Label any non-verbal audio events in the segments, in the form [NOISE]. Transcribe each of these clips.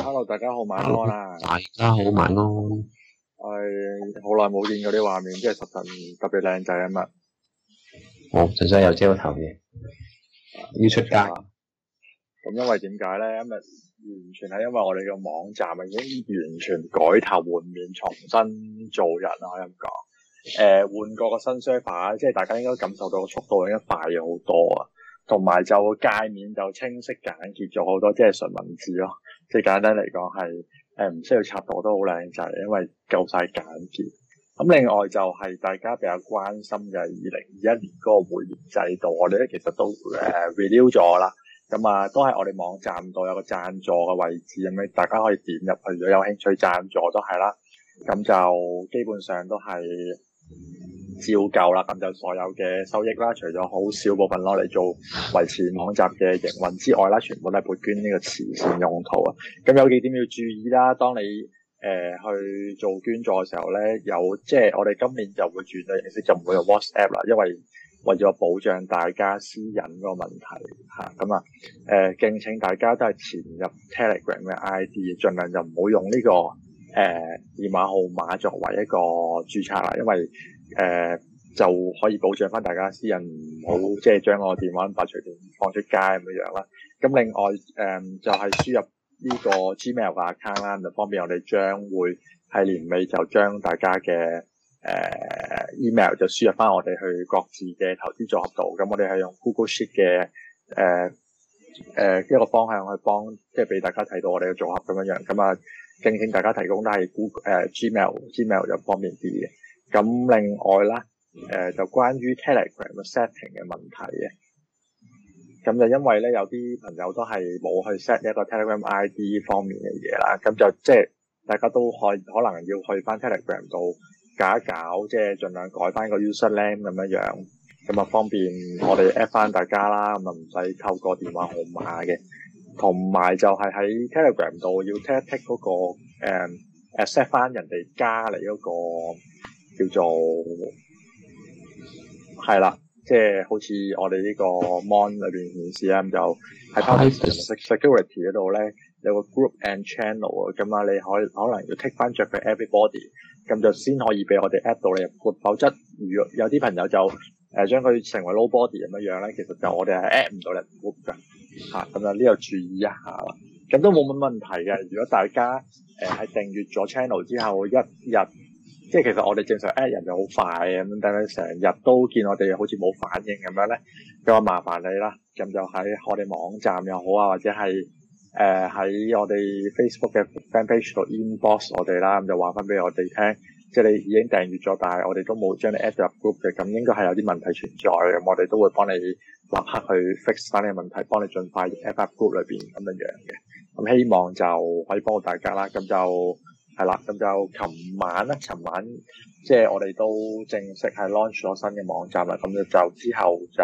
Hello，大家好，晚安啦！大家好，晚安。係好耐冇見嗰啲畫面，即係實神特別靚仔啊嘛？好，純粹、oh, 有遮個頭嘅。要出街。咁、啊、因為點解咧？因為完全係因為我哋個網站已經完全改頭換面，重新做人可以咁講。誒、呃，換過個新 server，即係大家應該感受到速度已經快咗好多啊，同埋就界面就清晰簡潔咗好多，即係純文字咯。即簡單嚟講係誒唔需要插圖都好靚仔，就係、因為夠晒簡潔。咁另外就係大家比較關心嘅二零二一年嗰個會員制度，我哋咧其實都誒 review 咗啦。咁啊，都係我哋網站度有個贊助嘅位置咁樣，大家可以點入去。如果有興趣贊助都係啦。咁就基本上都係。照舊啦，咁就所有嘅收益啦，除咗好少部分攞嚟做維持網站嘅營運之外啦，全部都係撥捐呢個慈善用途啊！咁有幾點要注意啦。當你誒、呃、去做捐助嘅時候咧，有即係我哋今年就會轉咗形式，就唔會用 WhatsApp 啦，因為為咗保障大家私隱個問題嚇，咁啊誒、呃，敬請大家都係填入 Telegram 嘅 ID，儘量就唔好用呢、這個誒、呃、電話號碼作為一個註冊啦，因為。誒、uh, 就可以保障翻大家私人唔好，即係將個電話號隨便放出街咁樣啦。咁另外誒、嗯、就係、是、輸入呢個 Gmail 嘅 account 啦，就方便我哋將會喺年尾就將大家嘅誒、呃、email 就輸入翻我哋去各自嘅投資組合度。咁我哋係用 Google Sheet 嘅誒誒、呃、一、呃這個方向去幫，即係俾大家睇到我哋嘅組合咁樣樣。咁啊，敬請大家提供都係、呃、Google Gmail，Gmail 就方便啲嘅。咁另外啦，誒就關於 Telegram 嘅 setting 嘅問題嘅，咁就因為咧有啲朋友都係冇去 set 一個 Telegram ID 方面嘅嘢啦，咁就即係大家都可可能要去翻 Telegram 度搞一搞，即係儘量改翻個 user name 咁樣樣，咁啊方便我哋 at 翻大家啦，咁啊唔使透過電話號碼嘅。同埋就係喺 Telegram 度要 set 一 set 嗰個誒 set 翻人哋加你嗰個。叫做係啦，即係好似我哋 [MUSIC] 呢個 Mon 裏邊顯示咁就喺 Security 嗰度咧，有個 Group and Channel 啊，咁啊，你可以可能要 take 翻着佢 Everybody，咁就先可以俾我哋 add 到你入 group，否則如果有啲朋友就誒、呃、將佢成為 Nobody 咁樣樣咧，其實就我哋係 add 唔到你入 group 㗎，嚇咁啊呢度注意一下啦。咁都冇乜問題嘅，如果大家誒係、呃、訂閲咗 Channel 之後一日。即係其實我哋正常 add 人就好快咁，點解成日都見我哋好似冇反應咁樣咧？咁話麻煩你啦，咁就喺我哋網站又好啊，或者係誒喺我哋 Facebook 嘅 fan page 度 inbox 我哋啦，咁就話翻俾我哋聽，即係你已經訂閲咗，但係我哋都冇將你 add 入 group 嘅，咁應該係有啲問題存在嘅，我哋都會幫你立刻去 fix 翻呢個問題，幫你盡快 add 入 group 裏邊咁樣樣嘅，咁希望就可以幫到大家啦，咁就～係啦，咁就琴晚啦，琴晚即係我哋都正式係 launch 咗新嘅網站啦，咁就之後就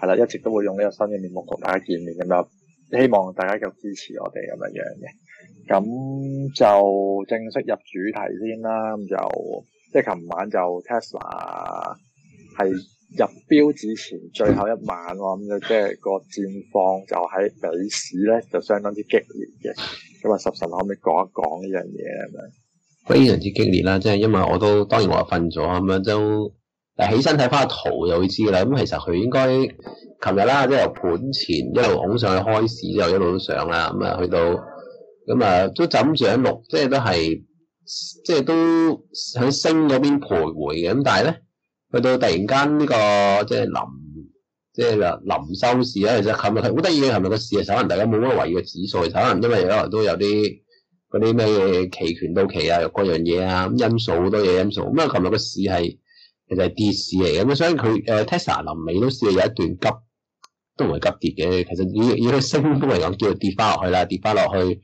係啦，一直都會用呢個新嘅面目同大家見面，咁就希望大家繼續支持我哋咁樣樣嘅，咁就正式入主題先啦，咁就即係琴晚就 Tesla 係。入標之前最後一晚我諗嘅即係個戰況就喺比市咧，就相當之激烈嘅。咁啊，十神可唔可以講一講呢樣嘢啊？咪非常之激烈啦，即係因為我都當然我瞓咗咁樣都就，但起身睇翻個圖就會知啦。咁其實佢應該琴日啦，即係盤前一路往上去開市之後一路都上啦。咁啊去到咁啊都枕住喺六，即係都係即係都喺升嗰邊徘徊嘅。咁但係咧。去到突然間呢、呢個即係臨，即係啦臨收市啊！其實琴日係好得意嘅，琴日個市啊，可能大家冇乜懷疑個指數，又可能因為可能都有啲嗰啲咩期權到期啊，又各樣嘢啊，因素好多嘢因素。咁啊，琴日個市係其實係跌市嚟嘅咁，所以佢誒、呃、Tesla 臨尾都試有一段急，都唔係急跌嘅。其實以以佢升幅嚟講，叫做跌翻落去啦，跌翻落去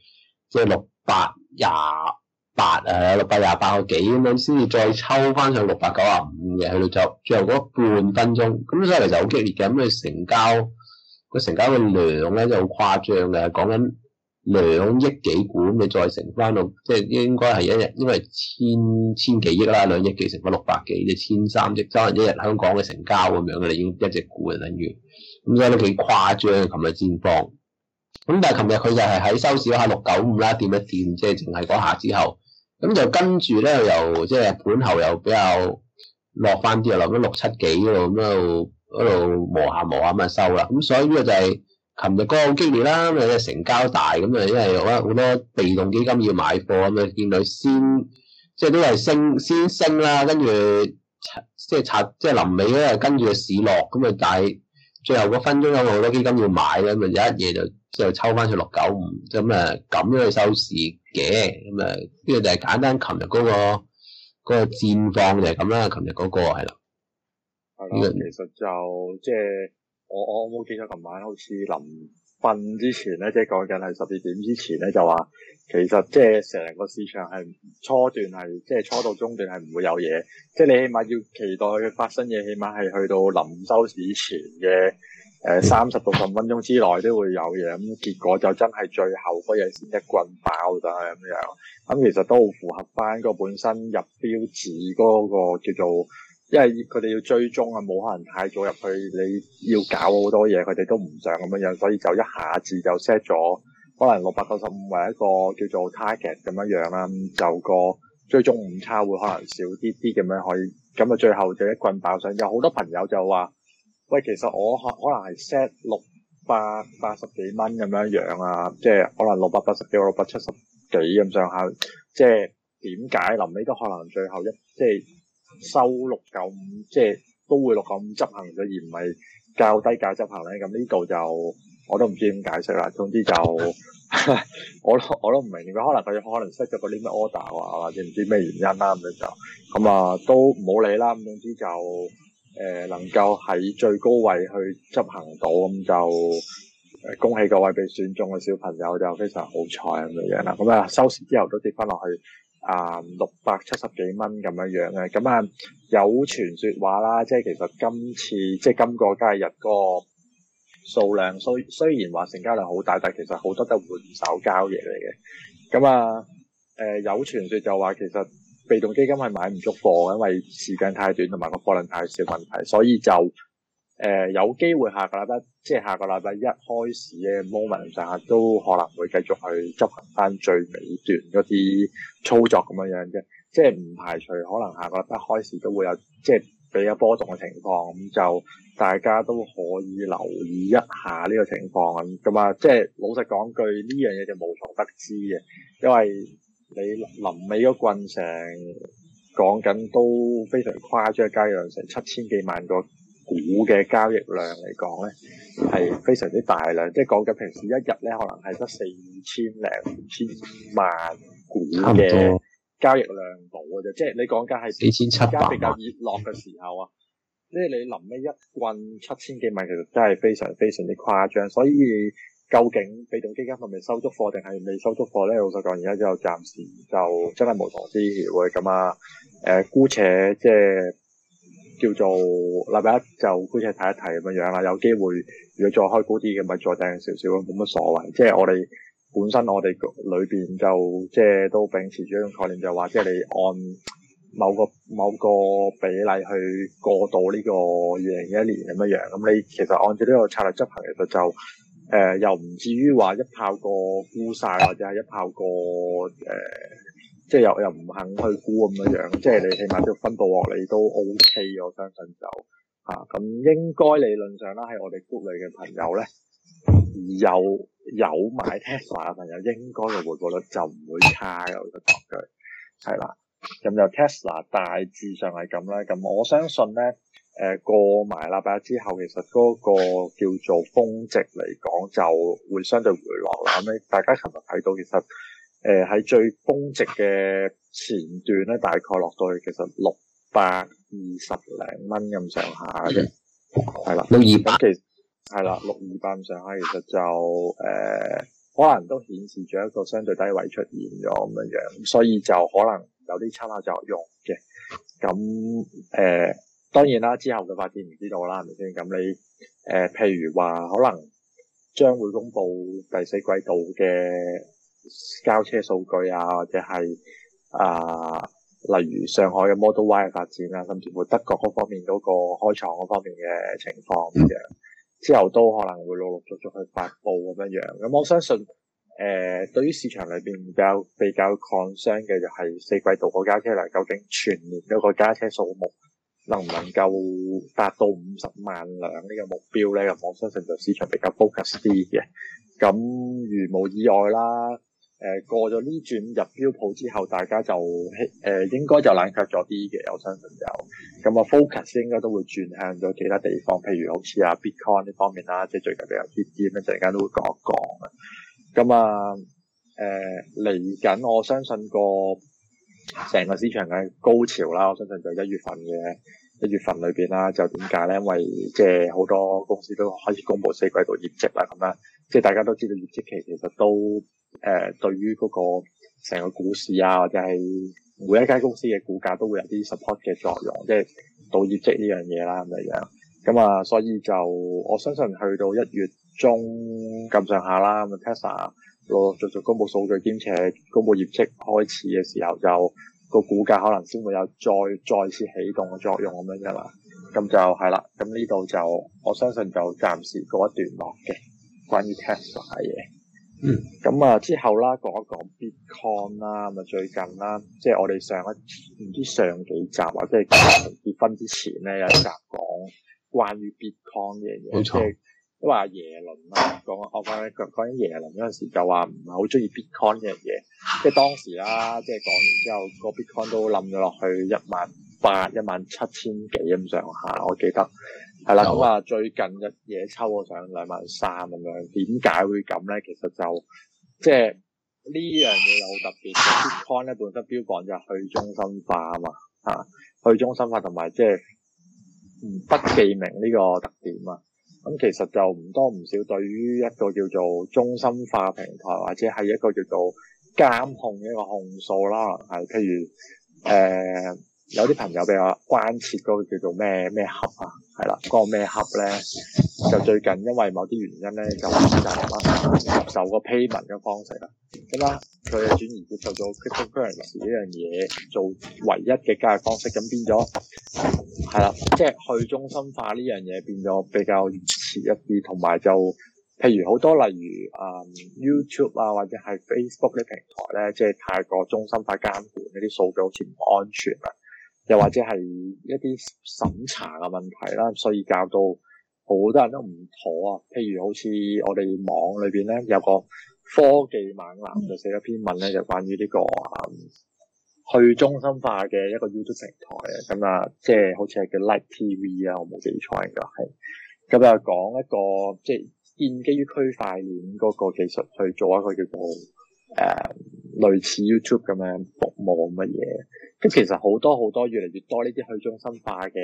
即係六百廿八啊，六百廿八個幾咁樣，先至再抽翻上六百九啊五嘅，去到最最後嗰半分鐘，咁、嗯、所以嚟就好激烈嘅。咁、嗯、佢成交個成交嘅量咧，就好誇張嘅，講緊兩億幾股咁，你再乘翻到，即係應該係一日，因為千千幾億啦，兩億幾乘翻六百幾，即千三億，即係一日香港嘅成交咁樣嘅，你已經一隻股嘅等於，咁、嗯、所以都幾誇張，琴日戰況，咁、嗯、但係琴日佢就係喺收市嗰下六九五啦，掂一掂，即係淨係嗰下之後。咁就跟住咧，又即係盤後又比較落翻啲，落咗六七幾咯，咁就一路磨下磨下咁就收啦。咁所以呢個就係琴日嗰個好激烈啦，咁啊成交大，咁啊因為好多好多被動基金要買貨，咁啊見到先即係、就是、都係升先升啦，跟住即係擦即係臨尾咧，跟住個市落，咁啊但係最後個分鐘有好多基金要買咧，咁啊一夜就就抽翻去六九五，咁啊咁樣去收市。嘅，咁啊，跟住就係簡單，琴日嗰個嗰個戰況就係咁啦。琴日嗰個係啦，其實就即係我我冇記錯，琴晚好似臨瞓之前咧，即係講緊係十二點之前咧，就話其實即係成個市場係初段係即係初到中段係唔會有嘢，即係你起碼要期待佢發生嘢，起碼係去到臨收市前嘅。誒三十到十五分鐘之內都會有嘢，咁結果就真係最後嗰日先一棍爆咗咁樣。咁其實都好符合翻個本身入標誌嗰個叫做，因為佢哋要追蹤啊，冇可能太早入去，你要搞好多嘢，佢哋都唔想咁樣樣，所以就一下子就 set 咗可能六百九十五為一個叫做 target 咁樣樣啦。咁就個追蹤誤差會可能少啲啲咁樣可以，咁啊最後就一棍爆上。有好多朋友就話。喂，其實我可可能係 set 六百八十幾蚊咁樣樣啊，即係可能六百八十幾、六百七十幾咁上下，即係點解臨尾都可能最後一即係收六九五，即係都會六九五執行咗，而唔係較低價執行咧？咁呢度就我都唔知點解釋啦。總之就我都我都唔明點解可能佢可能 set 咗嗰啲咩 order 啊，或者唔知咩原因啦咁就咁啊，都唔好理啦。總之就～ [LAUGHS] 誒，能夠喺最高位去執行到，咁就誒恭喜各位被選中嘅小朋友就非常好彩咁嘅樣啦。咁啊，收市之後都跌翻落去啊六百七十幾蚊咁樣樣嘅。咁啊，有傳說話啦，即係其實今次即係今個假日個數量雖雖然話成交量好大，但係其實好多都係換手交易嚟嘅。咁啊，誒、呃、有傳說就話其實。被動基金係買唔足貨，因為時間太短同埋個貨量太少問題，所以就誒、呃、有機會下個禮拜，即係下個禮拜一開始嘅 moment 大、啊、下都可能會繼續去執行翻最尾段嗰啲操作咁樣樣啫，即係唔排除可能下個禮拜一開始都會有即係比較波動嘅情況，咁、嗯、就大家都可以留意一下呢個情況咁，咁啊即係老實講句呢樣嘢就無從得知嘅，因為。你臨尾嗰棍成講緊都非常誇張，交易量成七千幾萬個股嘅交易量嚟講咧，係非常之大量，即係講緊平時一日咧，可能係得四千零五千萬股嘅交易量到嘅啫。即係你講緊係，四千七而家比較熱絡嘅時候啊，即係你臨尾一棍七千幾萬，其實真係非常非常之誇張，所以。究竟被動基金係咪收足貨定係未收足貨咧？老實講，而家就暫時就真係冇投資機會咁啊。誒、呃，姑且即係叫做禮拜一就姑且睇一睇咁樣樣啦。有機會如果再開高啲嘅，咪再訂少少咯，冇乜所謂。即係我哋本身我哋裏邊就即係都秉持住一種概念，就係、是、話即係你按某個某個比例去過渡呢個二零二一年咁樣樣。咁你其實按照呢個策略執行，其實就。就誒、呃、又唔至於話一炮過估晒，或者係一炮過誒、呃，即係又又唔肯去估咁樣樣，即係你起碼啲分佈落嚟都 O、OK, K，我相信就嚇咁、啊、應該理論上啦，喺我哋谷 r 嘅朋友咧，有有買 Tesla 嘅朋友，應該嘅回報率就唔會差嘅，我覺得講句係啦，咁就 Tesla 大致上係咁啦，咁我相信咧。誒，過埋禮拜之後，其實嗰個叫做峰值嚟講，就會相對回落啦。咁大家琴日睇到，其實誒喺、呃、最峰值嘅前段咧，大概落到去其實六百二十零蚊咁上下嘅，係啦、嗯、的六二百，係啦六二百咁上下，其實就誒、呃、可能都顯示咗一個相對低位出現咗咁樣樣，所以就可能有啲參考作用嘅。咁誒。呃當然啦，之後嘅發展唔知道啦，係咪先咁？你誒、呃，譬如話，可能將會公布第四季度嘅交車數據啊，或者係啊、呃，例如上海嘅 Model Y 嘅發展啊，甚至乎德國嗰方面嗰個開廠嗰方面嘅情況嘅、啊，之後都可能會陸陸續續去發布咁樣樣。咁我相信誒、呃，對於市場裏邊比較比較 concern 嘅就係四季度個交車啦，究竟全年嗰個交車數目，能唔能夠達到五十萬兩呢個目標咧？我相信就市場比較 focus 啲嘅。咁如冇意外啦，誒、呃、過咗呢轉入標普之後，大家就希誒、呃、應該就冷卻咗啲嘅。我相信就咁啊，focus 應該都會轉向咗其他地方，譬如好似啊 Bitcoin 呢方面啦，即係最近比較 hit 啲，咁陣間都會講一講嘅。咁啊誒嚟緊，呃、我相信個。成個市場嘅高潮啦，我相信就一月份嘅一月份裏邊啦，就點解咧？因為即係好多公司都開始公布四季度業績啦，咁樣即係大家都知道業績期其，其實都誒、呃，對於嗰、那個成個股市啊，或者係每一間公司嘅股價都會有啲 support 嘅作用，即係到業績呢樣嘢啦咁樣。咁啊，所以就我相信去到一月中咁上下啦，咁啊 Tesla，我做做公布數據兼且公布業績開始嘅時候，就個股價可能先會有再再次啟動嘅作用咁樣啫嘛。咁就係啦，咁呢度就我相信就暫時告一段落嘅關於 Tesla 嘅嘢。咁啊、嗯、之後啦，講一講 Bitcoin 啦，咪最近啦，即、就、係、是、我哋上一唔知上幾集啊，或者係結婚之前咧有一集講關於 Bitcoin 嘅嘢。冇錯。都話耶倫啊，講講講講起耶倫嗰陣時，就話唔係好中意 Bitcoin 呢樣嘢，即係當時啦，即係講完之後，個 Bitcoin 都冧咗落去一萬八、一萬七千幾咁上下，我記得係啦。咁啊，最近嘅嘢抽咗上兩萬三咁樣，點解會咁咧？其實就即係呢樣嘢有特別，Bitcoin 咧本身標榜就係去中心化啊嘛，嚇去中心化同埋即係唔不記名呢個特點啊。咁其實就唔多唔少，對於一個叫做中心化平台，或者係一個叫做監控嘅一個控訴啦，係譬如誒。呃有啲朋友比較關切嗰個叫做咩咩盒啊，係啦，嗰、那個咩盒咧就最近因為某啲原因咧就唔接受個 payment 嘅方式啦。咁啦，佢就轉移接受咗 cryptocurrency 呢樣嘢做唯一嘅交易方式，咁變咗係啦，即係、就是、去中心化呢樣嘢變咗比較熱切一啲，同埋就譬如好多例如啊、嗯、YouTube 啊或者係 Facebook 呢平台咧，即係太過中心化監管呢啲數據好似唔安全啊。又或者係一啲審查嘅問題啦，所以搞到好多人都唔妥啊。譬如好似我哋網裏邊咧，有個科技猛男就寫咗篇文咧，就關於呢、這個去中心化嘅一個 YouTube 平台啊。咁啊、like，即係好似係叫 Lite TV 啊，我冇記錯應該係。咁就講一個即係建基於區塊鏈嗰個技術去做一個叫做誒。Uh, 類似 YouTube 咁樣服務乜嘢，咁其實好多好多越嚟越多呢啲去中心化嘅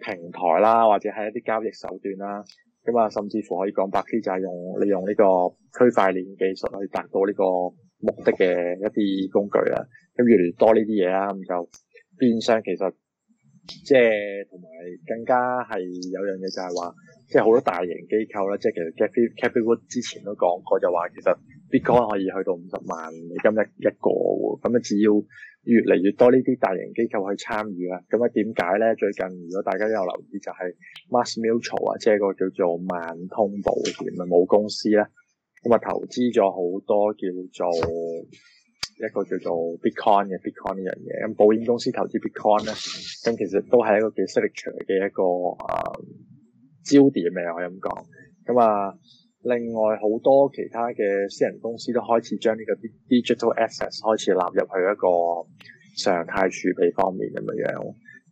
平台啦，或者係一啲交易手段啦，咁、嗯、啊甚至乎可以講白啲就係用利用呢個區塊鏈技術去達到呢個目的嘅一啲工具啦，咁、嗯、越嚟越多呢啲嘢啦，咁、嗯、就變相其實即係同埋更加係有樣嘢就係話，即係好多大型機構咧，即、就、係、是、其實 Cathie Cathie Wood 之前都講過就話其實。Bitcoin 可以去到五十萬美金一一個喎，咁啊只要越嚟越多呢啲大型機構去參與啦，咁啊點解咧？最近如果大家都有留意就係 Mass Mutual 啊，即係個叫做萬通保險嘅母公司咧，咁啊投資咗好多叫做一個叫做 Bitcoin 嘅 Bitcoin 呢樣嘢，咁保險公司投資 Bitcoin 咧，咁其實都係一個幾 select 嘅一個啊焦點嘅我可以咁講，咁啊。另外好多其他嘅私人公司都開始將呢個 digital assets 開始納入去一個常態儲備方面咁嘅樣。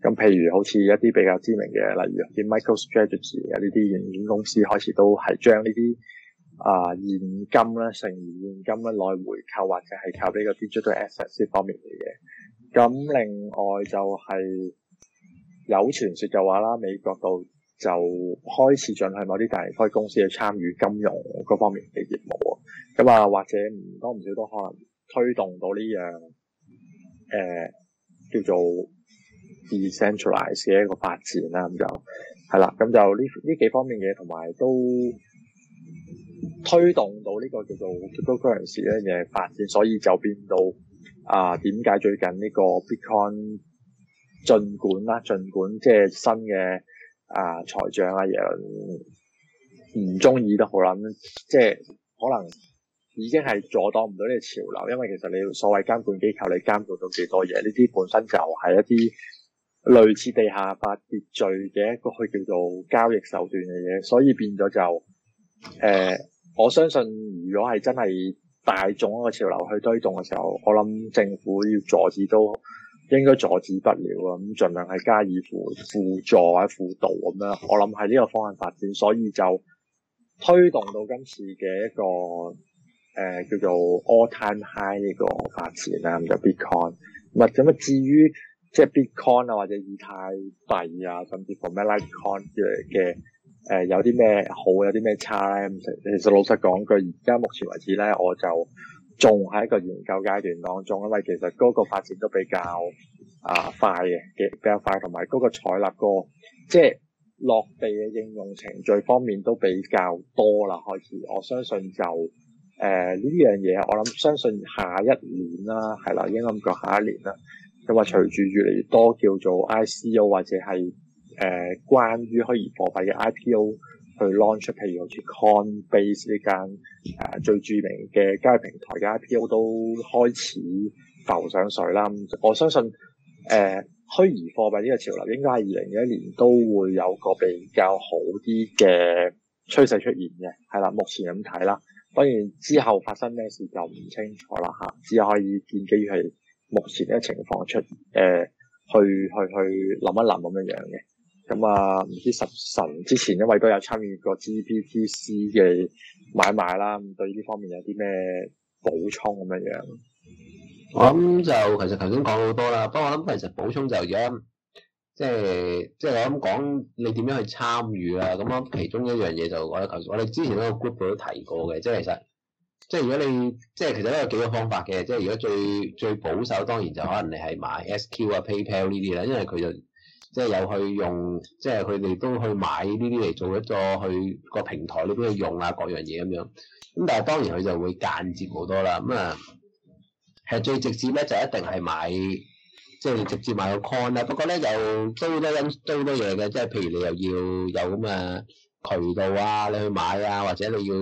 咁譬如好似一啲比較知名嘅，例如啲 MicroStrategy 呢啲軟件公司開始都係將呢啲啊現金咧、剩餘現金咧來回購，或者係靠呢個 digital assets 呢方面嚟嘅。咁另外就係有傳説就話啦，美國度。就開始進去某啲大開公司去參與金融嗰方面嘅業務喎，咁啊，或者唔多唔少都可能推動到呢樣誒叫做 decentralized 嘅一個發展啦。咁就係啦，咁就呢呢幾方面嘢同埋都推動到呢個叫做 crypto currency 發展，所以就變到啊點解最近呢個 bitcoin 儘管啦，儘管即係新嘅。啊，財長耶倫唔中意都好啦，即係可能已經係阻擋唔到呢個潮流，因為其實你所謂監管機構，你監管到幾多嘢？呢啲本身就係一啲類似地下發秩序嘅一個去叫做交易手段嘅嘢，所以變咗就誒、呃，我相信如果係真係大眾一個潮流去推動嘅時候，我諗政府要阻止都，應該阻止不了啊！咁盡量係加以輔輔助或者輔導咁樣，我諗係呢個方向發展，所以就推動到今次嘅一個誒、呃、叫做 all-time high 呢個發展啦。咁就是、Bitcoin，咁啊至於即係 Bitcoin 啊或者以太幣啊，甚至乎咩 Litecoin 之類嘅誒、呃，有啲咩好，有啲咩差咧？其實老實講句，而家目前為止咧，我就。仲喺一個研究階段當中，因為其實嗰個發展都比較啊快嘅、嘅比較快，同埋嗰個採納個即係落地嘅應用程序方面都比較多啦。開始我相信就誒呢樣嘢，我諗相信下一年啦，係啦，已經諗過下一年啦。咁啊，隨住越嚟越多叫做 ICO 或者係誒、呃、關於虛擬貨幣嘅 IPO。去 launch 譬如好似 Coinbase 呢間誒、呃、最著名嘅交易平台嘅 IPO 都開始浮上水啦，我相信誒、呃、虛擬貨幣呢個潮流應該係二零二一年都會有個比較好啲嘅趨勢出現嘅，係啦，目前咁睇啦，當然之後發生咩事就唔清楚啦吓、啊，只可以見基於目前呢個情況出誒、呃、去去去諗一諗咁樣樣嘅。咁啊，唔、嗯、知十神之前，因為都有參與過 GBTC 嘅買賣啦，咁對呢方面有啲咩補充咁樣？我諗就其實頭先講咗好多啦，不過我諗其實補充就而家，即係即係我諗講，你點樣去參與啊？咁、嗯、啊，其中一樣嘢就我哋頭我哋之前嗰個 group 都提過嘅，即係其實即係如果你即係其實都有幾個方法嘅，即係如果最最保守當然就可能你係買 SQ 啊 PayPal 呢啲啦，因為佢就。即係有去用，即係佢哋都去買呢啲嚟做一個去個平台，裏面去用啊各樣嘢咁樣。咁但係當然佢就會間接好多啦。咁啊，係最直接咧就一定係買，即係直接買個 con 啦。不過咧又都咧因都多嘢嘅，即係譬如你又要有咁啊渠道啊，你去買啊，或者你要。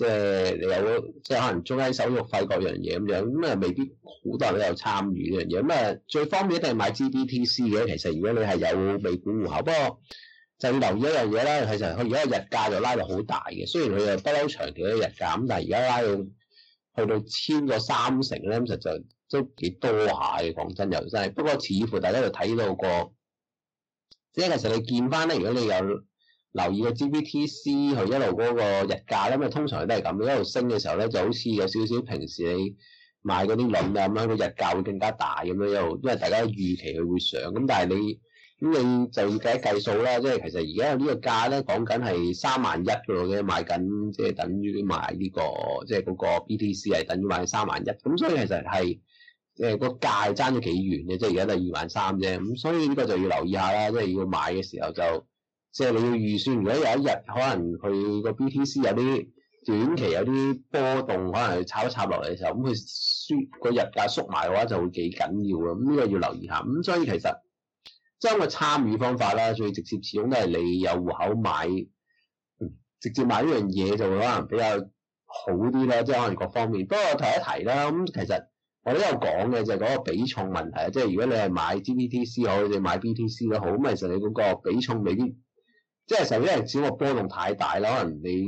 即係你有即係可能中間手續費各樣嘢咁樣，咁啊未必好多人都有參與呢樣嘢。咁啊最方便一定係買 GDTC 嘅。其實如果你係有美股戶口，不過就要留意一樣嘢咧，其實佢而家日價就拉到好大嘅。雖然佢又不嬲長期一日價咁，但係而家拉到去到籤咗三成咧，咁就就都幾多下嘅講真又真。不過似乎大家就睇到過，即係其實你見翻咧，如果你有。留意個 GBTC 佢一路嗰個日價，因為通常都係咁，一路升嘅時候咧，就好似有少少平時你買嗰啲輪咁啦，個日價會更加大咁樣一路，因為大家預期佢會上。咁但係你咁你就要計一計數啦，即係其實而家呢個價咧講緊係三萬一嘅啫。即係買緊即係等於買呢個即係嗰個 BTC 係等於買三萬一，咁所以其實係即係個價係爭咗幾遠嘅，即係而家係二萬三啫。咁所以呢個就要留意下啦，即係要買嘅時候就。即係你要預算，如果有一日可能佢個 BTC 有啲短期有啲波動，可能要炒一插落嚟嘅時候，咁佢縮個日價縮埋嘅話，就會幾緊要咯。咁、嗯、呢、這個要留意下。咁、嗯、所以其實將、就是、個參與方法啦，最直接始終都係你有戶口買、嗯，直接買呢樣嘢就會可能比較好啲咯。即係可能各方面。不過提一提啦，咁、嗯、其實我都有講嘅，就係嗰個比重問題啊。即、就、係、是、如果你係買 GBTC 好，定買 BTC 都好，咁、嗯、其實你嗰個比重未必。即係成日啲人只個波動太大啦，可能你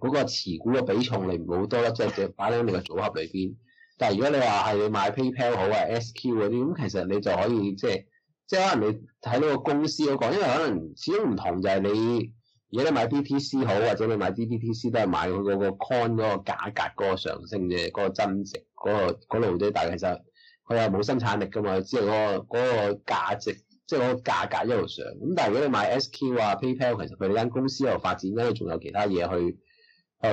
嗰個持股嘅比重你唔好多啦，即係擺喺你個組合裏邊。但係如果你話係你買 PayPal 好啊、SQ 嗰啲咁，其實你就可以即係即係可能你睇到個公司嗰個，因為可能始終唔同就係你而家你買 BTC 好或者你買 DBTC 都係買佢嗰個 coin 嗰個價格嗰個上升嘅嗰個增值嗰個嗰路啫，但係其實佢係冇生產力噶嘛，即係嗰個嗰個價值。即係個價格一路上咁，但係如果你買 SQ 啊、PayPal，其實佢哋間公司又發展咧，仲有其他嘢去去，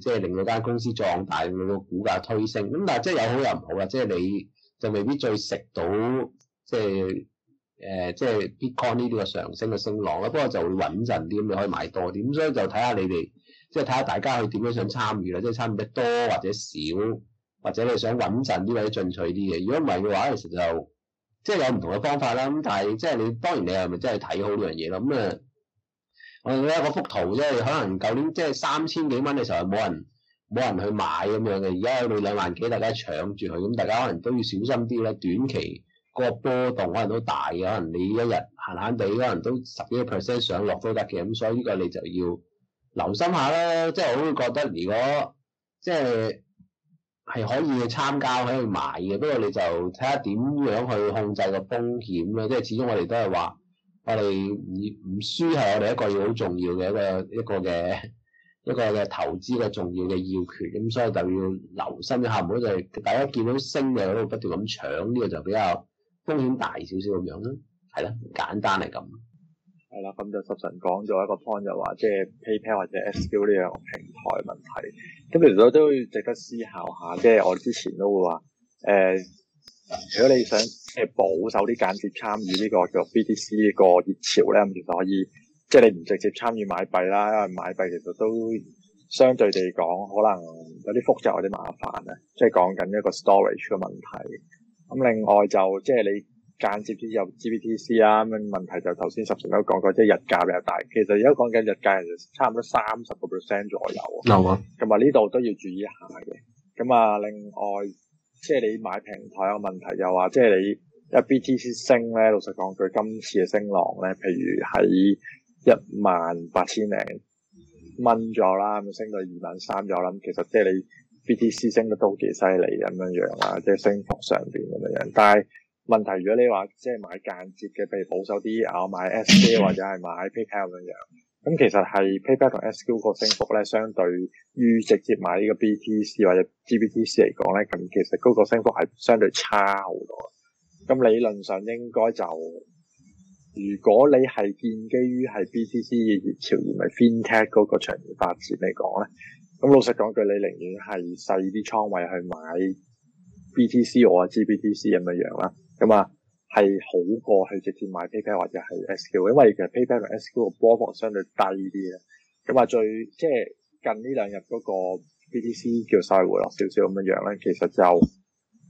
即係令到間公司壯大，令個股價推升。咁但係即係有好又唔好啦，即係你就未必最食到，即係誒、呃，即係 Bitcoin 呢啲嘅上升嘅升浪啦。不過就會穩陣啲，咁你可以買多啲。咁所以就睇下你哋，即係睇下大家去點樣想參與啦，即係參與得多或者少，或者你想穩陣啲或者進取啲嘅。如果唔係嘅話，其實就～即係有唔同嘅方法啦，咁但係即係你當然你係咪真係睇好呢樣嘢啦？咁、嗯、啊，我哋咧嗰幅圖即係可能舊年即係三千幾蚊嘅時候冇人冇人去買咁樣嘅，而家去到兩萬幾，大家搶住佢，咁大家可能都要小心啲啦。短期個波動可能都大嘅，可能你一日閒閒地可能都十幾個 percent 上落飛得嘅，咁所以呢個你就要留心下啦。即係我都覺得如果即係。係可以去參加，可以去買嘅。不過你就睇下點樣去控制個風險咧。即係始終我哋都係話，我哋唔唔輸係我哋一個好重要嘅一個一個嘅一個嘅投資嘅重要嘅要權。咁所以就要留心啲唔好就係大家見到升嘅，嗰度不斷咁搶，呢、呢個就比較風險大少少咁樣啦。係咯，簡單嚟咁。係啦，咁就十神講咗一個 point，就話即係 PayPal 或者 S.Q. 呢樣平台問題。咁其實都值得思考下，即係我之前都會話，誒，如果你想即係保守啲間接參與呢個叫 BTC 個熱潮咧，咁其實可以，即係你唔直接參與買幣啦，因為買幣其實都相對地講可能有啲複雜有、有啲麻煩啊，即係講緊一個 storage 嘅問題。咁另外就即係你。間接啲有 GBTC 啊，咁樣問題就頭先十成都講過，即係日價比較大。其實而家講緊日價，其實差唔多三十個 percent 左右。流啊、嗯，同埋呢度都要注意一下嘅。咁啊，另外即係你買平台有問題、就是，又話即係你一 BTC 升咧，老實講佢今次嘅升浪咧，譬如喺一萬八千零蚊咗啦，咁升到二萬三咗啦。其實即係你 BTC 升得都幾犀利咁樣樣、啊、啦，即係升幅上邊咁樣樣，但係。問題如果你話即係買間接嘅，譬如保守啲啊，我買 SQ 或者係買 PayPal 咁樣樣，咁其實係 PayPal 同 SQ 個升幅咧，相對於直接買呢個 BTC 或者 GBTC 嚟講咧，咁其實嗰個升幅係相對差好多。咁理論上應該就如果你係建基於係 BTC 嘅熱潮，而唔係 FinTech 嗰個長年發展嚟講咧，咁老實講句，你寧願係細啲倉位去買 BTC 我或 GBTC 咁樣樣啦。咁啊，係、嗯、好過去直接買 PayPal 或者係 SQ，因為其實 PayPal 同 SQ 嘅波幅相對低啲嘅。咁、嗯、啊，最即係近呢兩日嗰個 BTC 叫晒回落少少咁樣樣咧，其實就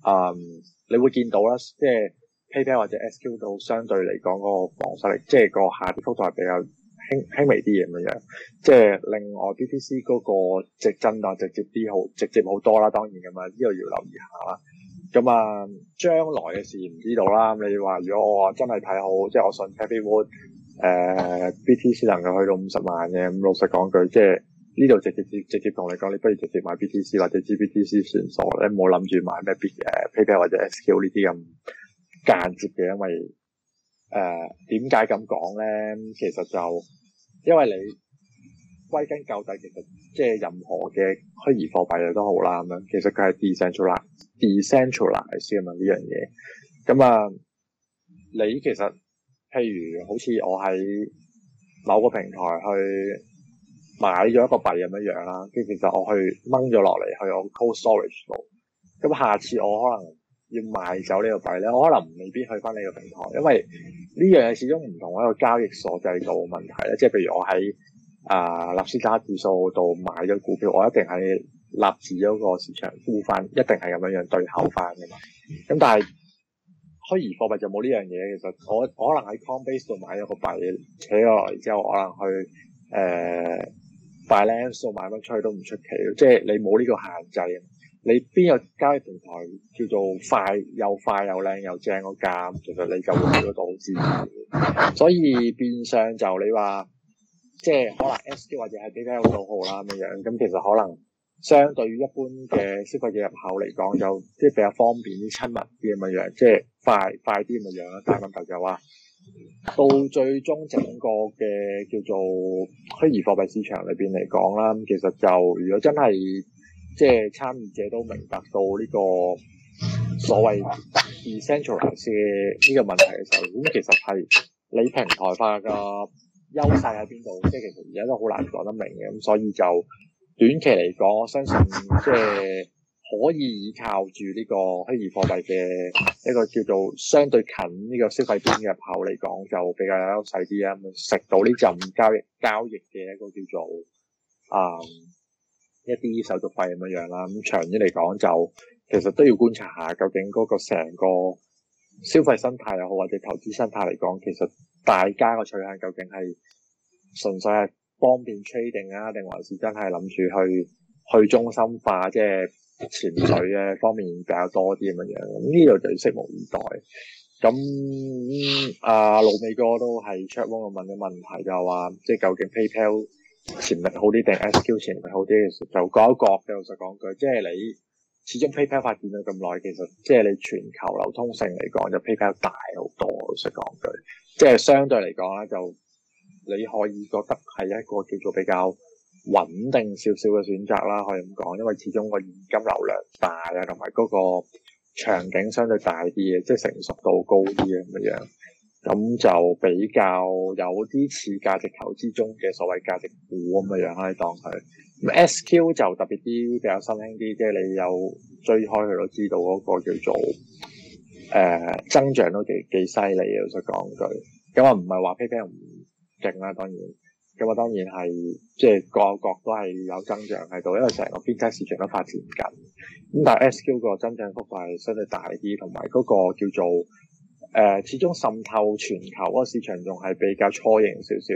啊、嗯，你會見到啦，即係 PayPal 或者 SQ 都相對嚟講嗰個防守力，即係個下跌幅度係比較輕輕微啲嘅咁樣。即係另外 BTC 嗰個直震盪啊，直接啲好直接好多啦，當然咁啊，呢個要留意下啦。咁啊，將來嘅事唔知道啦。你話如果我真係睇好，即係我信 Cathie Wood，誒 BTC 能夠去到五十萬嘅，咁老實講句，即係呢度直接直直接同你講，你不如直接買 BTC 或者 GBTC 算數。你唔好諗住買咩誒 PayPal 或者 SQ 呢啲咁間接嘅，因為誒點解咁講咧？其實就因為你歸根究底，其實即係任何嘅虛擬貨幣都好啦，咁樣其實佢係 decentralized decentralized 咁、嗯、啊呢樣嘢，咁啊你其實譬如好似我喺某個平台去買咗一個幣咁樣樣啦，跟住就我去掹咗落嚟去我 cold storage 度，咁、嗯、下次我可能要賣走呢個幣咧，我可能未必去翻呢個平台，因為呢樣嘢始終唔同喺個交易所制度嘅問題咧，即係譬如我喺啊納斯達克指數度買咗股票，我一定係。立足嗰個市場，估翻一定係咁樣樣對口翻嘅嘛。咁但係虛擬貨幣就冇呢樣嘢。其實我，我可能喺 Coinbase 度買一個幣起落，嚟之後可能去誒、呃、Binance 度買翻出去都唔出奇，即係你冇呢個限制。你邊個交易平台叫做快又快又靚又正個價，其實你就會買得到。所以變相就你話，即係可能 S D 或者係比較有數號啦咁樣樣，咁其實可能。相對於一般嘅消費者入口嚟講，就即係比較方便啲、親密啲咁嘅樣，即係快快啲咁嘅樣。但係問題就話，到最終整個嘅叫做虛擬貨幣市場裏邊嚟講啦，其實就如果真係即係參與者都明白到呢個所謂 decentralised 呢個問題嘅時候，咁其實係你平台化嘅優勢喺邊度？即係其實而家都好難講得明嘅，咁所以就。短期嚟講，我相信即係可以依靠住呢個虛擬貨幣嘅一個叫做相對近呢個消費端嘅入口嚟講，就比較有優勢啲啊，咁、嗯、食到呢陣交易交易嘅一個叫做啊、嗯、一啲手續費咁樣樣啦。咁、嗯、長遠嚟講，就其實都要觀察下究竟嗰個成個消費生態又好，或者投資生態嚟講，其實大家個取向究竟係純粹係。方便 trading 啊，定還是真係諗住去去中心化即係潛水咧，方面比較多啲咁樣樣，咁呢度就拭目以待。咁阿老美哥都係 check one 我問嘅問題，就係、是、話即係究竟 PayPal 潛力好啲定 SQ 潛力好啲嘅事嘅時，就各有各嘅。老實講句，即係你始終 PayPal 發展咗咁耐，其實即係你全球流通性嚟講，就 PayPal 大好多。老實講句，即係相對嚟講咧就。你可以覺得係一個叫做比較穩定少少嘅選擇啦，可以咁講，因為始終個現金流量大啊，同埋嗰個場景相對大啲嘅，即係成熟度高啲嘅咁嘅樣，咁就比較有啲似價值投資中嘅所謂價值股咁嘅樣啦，可以當佢 SQ 就特別啲，比較新興啲，即係你有追開佢都知道嗰個叫做誒增長都幾幾犀利啊！再講句，咁啊唔係話 paypal 唔。勁啦，當然，咁啊當然係，即係個個都係有增長喺度，因為成個邊區市場都發展緊。咁但係 SQ 個增長幅度係相對大啲，同埋嗰個叫做誒、呃，始終滲透全球嗰個市場仲係比較初型少少。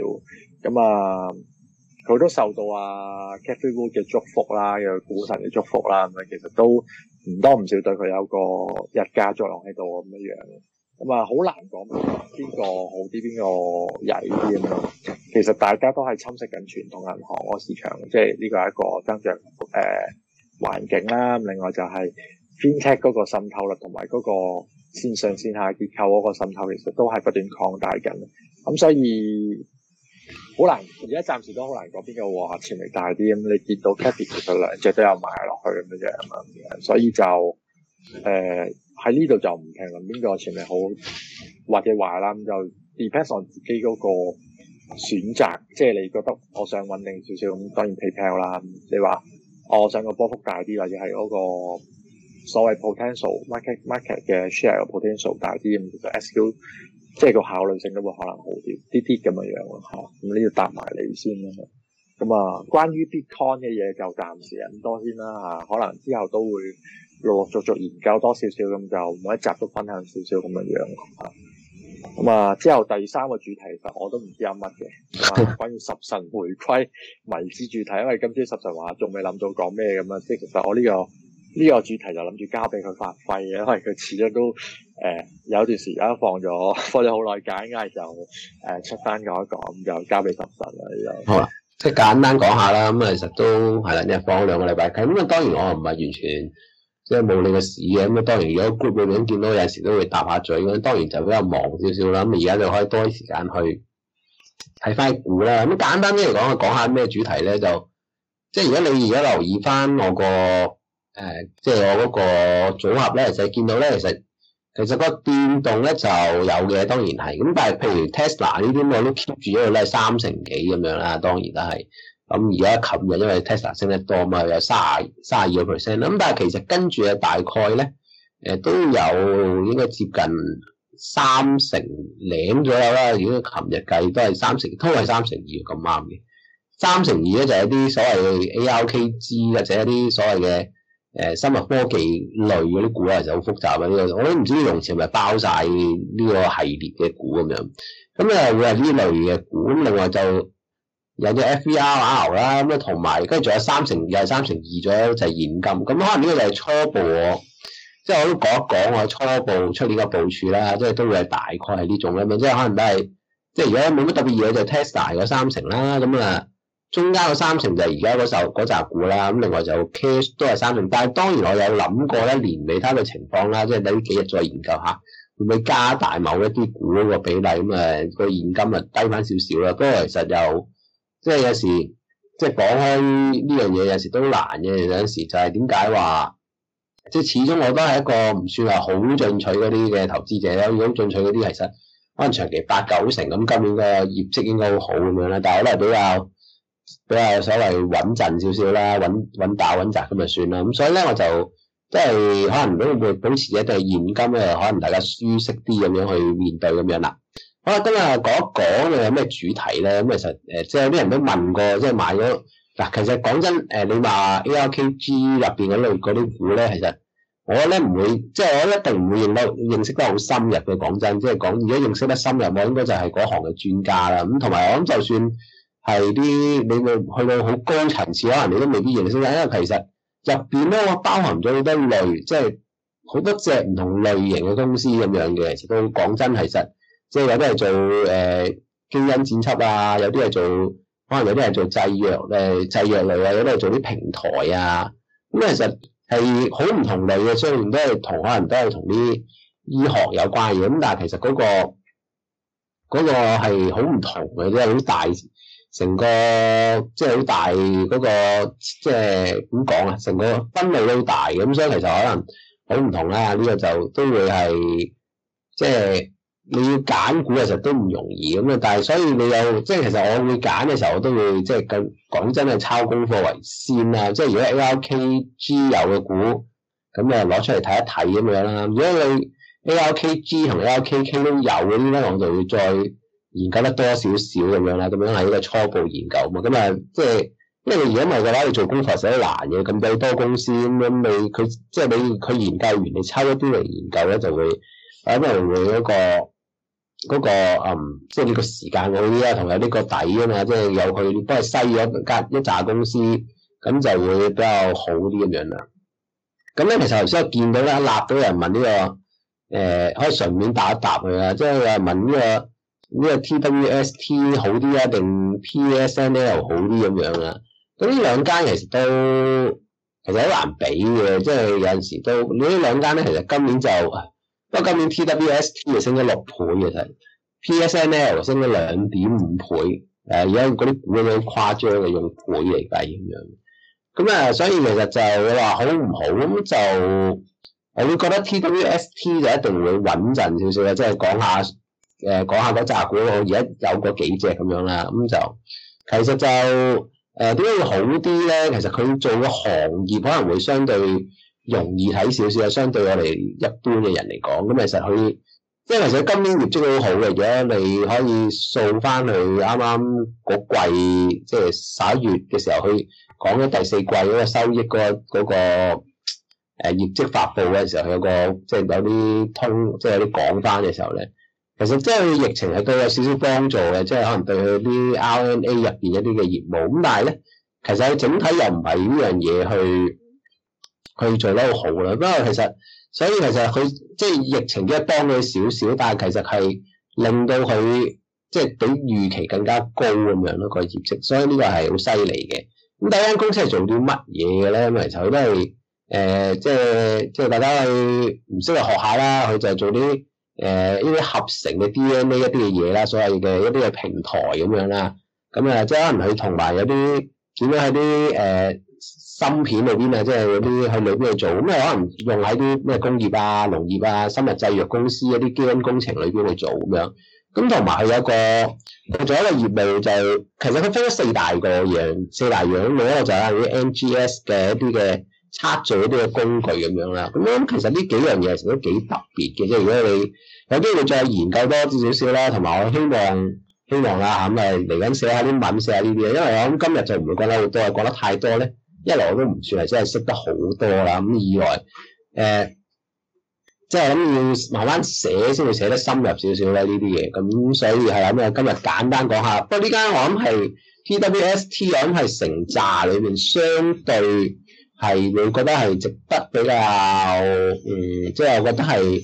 咁、嗯、啊，佢、呃、都受到啊 Cathie Wood 嘅祝福啦，又股神嘅祝福啦，咁啊其實都唔多唔少對佢有個日加作用喺度咁樣樣。咁啊，嗯、難好難講邊個好啲，邊個曳啲咁咯。其實大家都係侵蝕緊傳統銀行嗰個市場，即係呢個係一個增長誒、呃、環境啦。另外就係 FinTech 嗰個滲透率同埋嗰個線上線下結構嗰個滲透，其實都係不斷擴大緊。咁、嗯、所以好難，而家暫時都好難講邊個話潛力大啲。咁、嗯、你見到 Cathy 其實兩隻都有賣落去咁樣樣啦，所以就誒。呃喺呢度就唔平衡，邊個前面好或者壞啦？咁就 depends on 自己嗰個選擇，即係你覺得我想穩定少少咁，當然 PayPal 啦。你話、哦、我想個波幅大啲，或者係嗰個所謂 potential market market 嘅 share potential 大啲咁，就 SQ 即係個考慮性都會可能好啲。啲啲咁嘅樣啊，咁呢度答埋你先啦。咁啊，關於 Bitcoin 嘅嘢就暫時咁多先啦嚇、啊，可能之後都會。落落續續研究多少少咁，就每一集都分享少少咁樣樣咁。啊，之後第三個主題其實我都唔知講乜嘅， [LAUGHS] 關於十神回歸迷之主題，因為今朝十神話仲未諗到講咩咁。啊，即係其實我呢、這個呢、這個主題就諗住交俾佢發揮嘅，因為佢始終都誒、呃、有段時間放咗，放咗好耐解解就誒、呃、出翻，講一講，咁就交俾十神啦。 [LAUGHS] 好啦、啊，即、就、係、是、簡單講下啦。咁啊其實都係啦，因放兩個禮拜咁啊當然我唔係完全。即係冇你個事嘅。咁，當然如果 group 裏邊見到有陣時都會搭下嘴咁，當然就比較忙少少啦。咁而家就可以多啲時間去睇翻股啦。咁簡單啲嚟講，講下咩主題咧？就即係如果你而家留意翻我個誒，即係我嗰個組合咧，就見到咧，其實其實個電動咧就有嘅，當然係。咁但係譬如 Tesla 呢啲我都 keep 住咗咧，三成幾咁樣啦，當然都係。咁而家琴日，因為 Tesla 升得多嘛，有卅卅二個 percent。咁但係其實跟住啊，大概咧，誒都有應該接近三成兩左右啦。如果琴日計都係三成，都係三成二咁啱嘅。三成二咧就係一啲所謂嘅 ARKG 或者一啲所謂嘅誒、呃、生物科技類嗰啲股啊，就好複雜嘅呢個。我都唔知用詞係咪包晒呢個系列嘅股咁樣。咁啊，佢話呢類嘅股，另外就。有啲 FVR 啦，咁啊同埋，跟住仲有三成，又係三成二咗，就係現金。咁可能呢個就係初步，即係我都講一講我初步出呢個部署啦，即係都會係大概係呢種咁樣，即係可能都係即係而家冇乜特別嘢，就係 Tesla 嗰三成啦。咁啊，中間嗰三成就係而家嗰首紮股啦。咁另外就 cash 都係三成，但係當然我有諗過咧，年尾睇下個情況啦，即係等幾日再研究下會唔會加大某一啲股個比例，咁啊個現金啊低翻少少啦。不過其實又～即係有時，即係講開呢樣嘢，有時都難嘅。有時就係點解話，即係始終我都係一個唔算話好進取嗰啲嘅投資者啦。如果進取嗰啲，其實可能長期八九成咁，今年個業績應該好好咁樣啦。但係我都係比較比較所謂穩陣少少啦，穩穩打穩扎咁就算啦。咁所以咧，我就即係可能都會保持一啲現金咧，可能大家舒適啲咁樣去面對咁樣啦。好啦，今日講一講又有咩主題咧？咁其實誒，即係有啲人都問過，即係買咗嗱。其實講真，誒你話 ARKG 入邊嗰類嗰啲股咧，其實我咧唔會，即係我一定唔會認得認識得好深入嘅。講真，即係講如果認識得深入，我應該就係嗰行嘅專家啦。咁同埋我諗，就算係啲你會去到好高層次，可能你都未必認識得，因為其實入邊咧，我包含咗好多類，即係好多隻唔同類型嘅公司咁樣嘅。其實都講真，其實。即係有啲係做誒基因剪輯啊，有啲係做，可能有啲係做製藥誒製藥類啊，有啲係做啲平台啊。咁其實係好唔同類嘅，雖然都係同可能都係同啲醫學有關嘅。咁但係其實嗰個嗰個係好唔同嘅，即係好大成個，即係好大嗰個，即係點講啊？成個分類都好大，咁所以其實可能好唔同啦。呢個就都會係即係。你要揀股其實都唔容易咁啊，但係所以你有即係其實我會揀嘅時候，我都會即係咁講真啊，抄功課為先啦。即係如果 A L K G 有嘅股，咁啊攞出嚟睇一睇咁樣啦。如果你 A L K G 同 A L K K 都有，應該我就要再研究得多少少咁樣啦。咁樣係一個初步研究嘛。咁啊，即係因為如果唔係嘅話，你做功課實在難嘅。咁你多公司咁你佢即係你佢研究完，你抄一啲嚟研究咧，就會可能會嗰個。嗰、那個、嗯、即係呢個時間好啲啊，同埋呢個底啊嘛，即係有佢都係西一間一紮公司，咁就會比較好啲咁樣啦。咁咧，其實頭先我見到咧，揦到人問呢、這個，誒、呃，可以順便答一答佢啊，即係問呢、這個呢、這個 TWST 好啲啊，定 PSNL 好啲咁樣啊？咁呢兩間其實都其實好難比嘅，即係有陣時都呢兩間咧，其實今年就～不過今年 TWST 就升咗六倍嘅，睇 PSNL 升咗兩點五倍，誒有嗰啲股咧好誇張嘅，用倍嚟計咁樣。咁啊，所以其實就話好唔好咁就，我會覺得 TWST 就一定會穩陣少少嘅，即係講下誒講下嗰扎股，而家有嗰幾隻咁樣啦。咁就其實就誒點解會好啲咧？其實佢做嘅行業可能會相對。容易睇少少啊，相對我哋一般嘅人嚟講，咁其實佢，即係其實今年業績好好嘅。如果你可以數翻佢啱啱嗰季，即係十一月嘅時候，佢講緊第四季嗰個收益嗰、那、嗰個誒、那個、業績發佈嘅時候，有個即係有啲通，即係有啲講翻嘅時候咧，其實即係佢疫情係對有少少幫助嘅，即係可能對佢啲 RNA 入邊一啲嘅業務，咁但係咧，其實佢整體又唔係呢樣嘢去。佢做得好啦，不過其實，所以其實佢即係疫情啲幫佢少少，但係其實係令到佢即係比預期更加高咁樣咯個業績，所以呢個係好犀利嘅。咁第一間公司係做啲乜嘢嘅咧？咁其實佢都係誒、呃，即係即係大家去唔識就學下啦。佢就係做啲誒呢啲合成嘅 DNA 一啲嘅嘢啦，所謂嘅一啲嘅平台咁樣啦。咁啊，即係可能佢同埋有啲點樣喺啲誒。呃芯片裏邊啊，即係嗰啲去裏邊去做，咁可能用喺啲咩工業啊、農業啊、生物製藥公司一啲基因工程裏邊去做咁樣。咁同埋佢有個，仲有一個業務就係、其實佢分咗四大個樣，四大樣，每一個就係啲 N G S 嘅一啲嘅測序一啲嘅工具咁樣啦。咁樣其實呢幾樣嘢其實都幾特別嘅，即係如果你有機會再研究多少少啦，同埋我希望希望啦、啊，咁啊嚟緊寫下啲文，寫下呢啲，嘢，因為我諗今日就唔會覺得好多，覺得太多咧。一來我都唔算係真係識得好多啦，咁二來誒，即係諗要慢慢寫先會寫得深入少少咧呢啲嘢，咁所以係諗，我、嗯嗯、今日簡單講下。不過呢間我諗係 TWST，我諗係成紮裏面相對係會覺得係值得比較，嗯，即係我覺得係誒、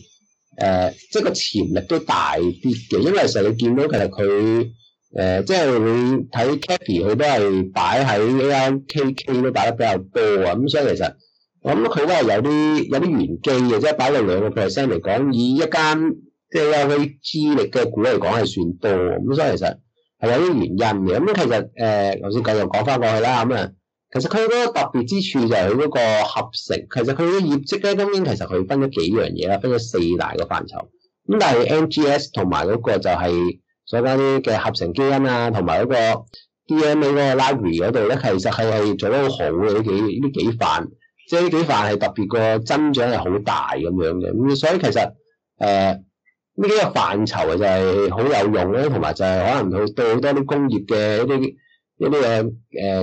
呃，即係個潛力都大啲嘅，因為其實你見到其實佢。誒、呃，即係你睇 KPI，佢都係擺喺呢間 KK 都擺得比較多啊，咁、嗯、所以其實咁佢、嗯、都係有啲有啲原機嘅，即係擺到兩個 percent 嚟講，以一間即係佢致力嘅股嚟講係算多，咁、嗯、所以其實係有啲原因嘅。咁其實誒，頭先繼續講翻過去啦。咁啊，其實佢嗰個特別之處就係佢嗰個合成，其實佢嘅業績咧，今年其實佢分咗幾樣嘢啦，分咗四大個範疇。咁、嗯、但係 MGS 同埋嗰個就係、是。再加啲嘅合成基因啊，同埋嗰個 DNA 嗰個 library 嗰度咧，其實係係做得好好嘅呢幾呢幾範，即係呢幾範係特別個增長係好大咁樣嘅。咁所以其實誒呢幾個範疇就係好有用咧，同埋就係可能去對好多啲工業嘅一啲一啲嘅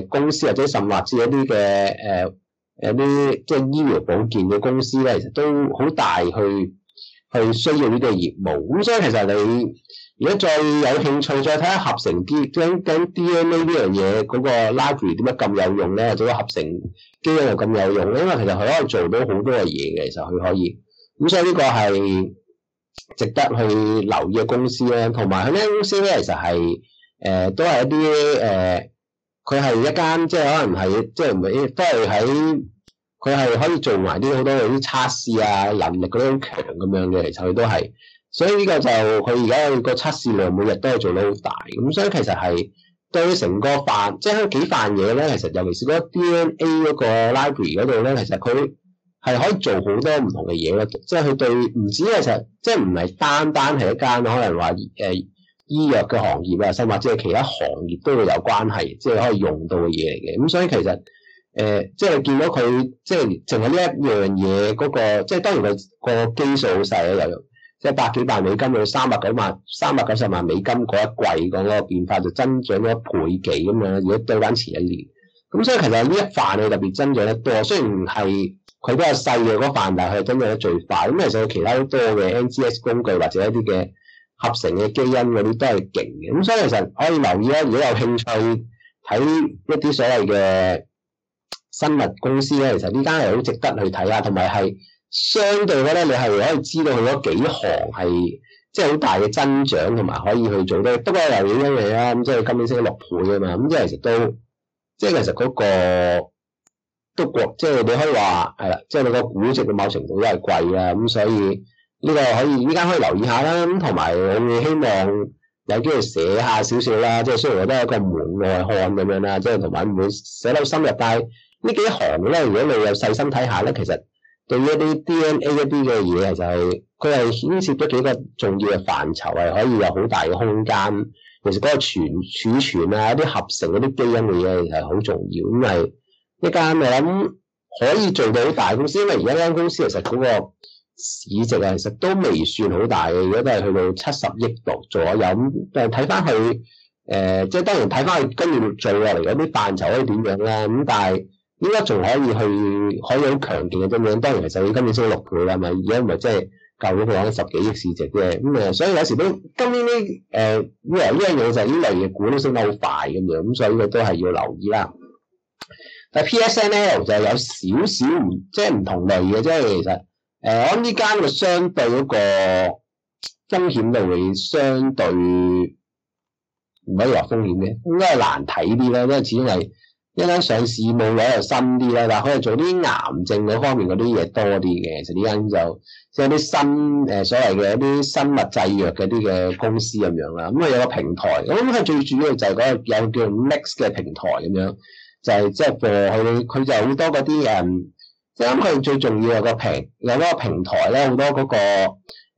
誒公司，或者甚至一啲嘅誒誒啲即係醫療保健嘅公司咧，其實都好大去去需要呢啲業務。咁所以其實你。而家再有興趣，再睇下合成機，究竟 DNA 呢樣嘢嗰、嗰個 library 點解咁有用咧？或者合成機又咁有用咧？因為其實佢可以做到好多嘅嘢嘅，其實佢可以。咁所以呢個係值得去留意嘅公司咧。同埋佢呢間公司咧，其實係誒、呃、都係一啲誒，佢、呃、係一間即係可能係即係唔係都係喺佢係可以做埋啲好多啲測試啊，能力嗰啲好強咁樣嘅，其實佢都係。所以呢個就佢而家個測試量每日都係做得好大，咁所以其實係對成個泛，即係幾泛嘢咧，其實尤其是嗰 DNA 嗰個 library 嗰度咧，其實佢係可以做好多唔同嘅嘢咯，即係佢對唔止其實即係唔係單單係一間可能話誒醫藥嘅行業啊，甚至係其他行業都會有關係，即係可以用到嘅嘢嚟嘅。咁所以其實誒即係見到佢即係淨係呢一樣嘢嗰個，即係當然佢個基數好細啦，有。即係百幾萬美金去三百九萬三百九十萬美金嗰一季，講嗰個變化就增長咗一倍幾咁樣。如果對翻前一年，咁所以其實呢一範圍特別增長得多，雖然係佢比較細嘅嗰範圍，但係佢增長得最快。咁其實其他好多嘅 NGS 工具或者一啲嘅合成嘅基因嗰啲都係勁嘅。咁所以其實可以留意咧，如果有興趣睇一啲所謂嘅生物公司咧，其實呢間係好值得去睇啊，同埋係。相對嘅咧，你係可以知道嗰幾行係即係好大嘅增長，同埋可以去做多。不過留意一樣嘢啦，咁、嗯、即係今年升六倍啫嘛。咁、嗯、即係其實都即係其實嗰個都國，即係、那個、你可以話係啦。即係個估值嘅某程度都係貴啦，咁、嗯、所以呢個可以依家可以留意下啦。咁同埋我哋希望有機會寫下少少啦。即係雖然我都係一個門外漢咁樣啦，即係同埋唔會寫到深入，但係呢幾行咧。如果你有細心睇下咧，其實。對於一啲 DNA 一啲嘅嘢，就係佢係牽涉咗幾個重要嘅範疇，係可以有好大嘅空間。其實嗰個存儲存啊，一啲合成嗰啲基因嘅嘢係好重要。咁係一間我諗可以做到好大公司，因為而家間公司其實嗰個市值啊，其實都未算好大嘅，而家都係去到七十億度左右，咁但係睇翻去，誒、呃，即係當然睇翻去跟住做落嚟嗰啲範疇可以點樣啦。咁但係，應該仲可以去，可以好強勁嘅咁樣。當然其實佢今年升六倍啦，嘛，而家咪即係舊咗佢講十幾億市值啫。咁、嗯、誒，所以有時都今年呢樣呢樣嘢就係呢類嘅股都升得好快咁樣。咁所以佢都係要留意啦。但 P S N L 就有少少唔即係唔同類嘅，即係其實誒、呃，我諗呢間佢相對嗰個風險度會相對唔可以話風險嘅，應該係難睇啲囉，因為始終係。一間上市冇嘢又新啲啦，但係可能做啲癌症嗰方面嗰啲嘢多啲嘅，就啲、是、人就即係啲新誒所謂嘅一啲生物製藥嗰啲嘅公司咁樣啦。咁、嗯、啊有個平台，咁、嗯、佢最主要就係嗰、那個有個叫 mix 嘅平台咁樣，就係即係過去佢就好、是、多嗰啲誒，即係咁佢最重要個平有嗰個平台咧，好多嗰、那個誒誒、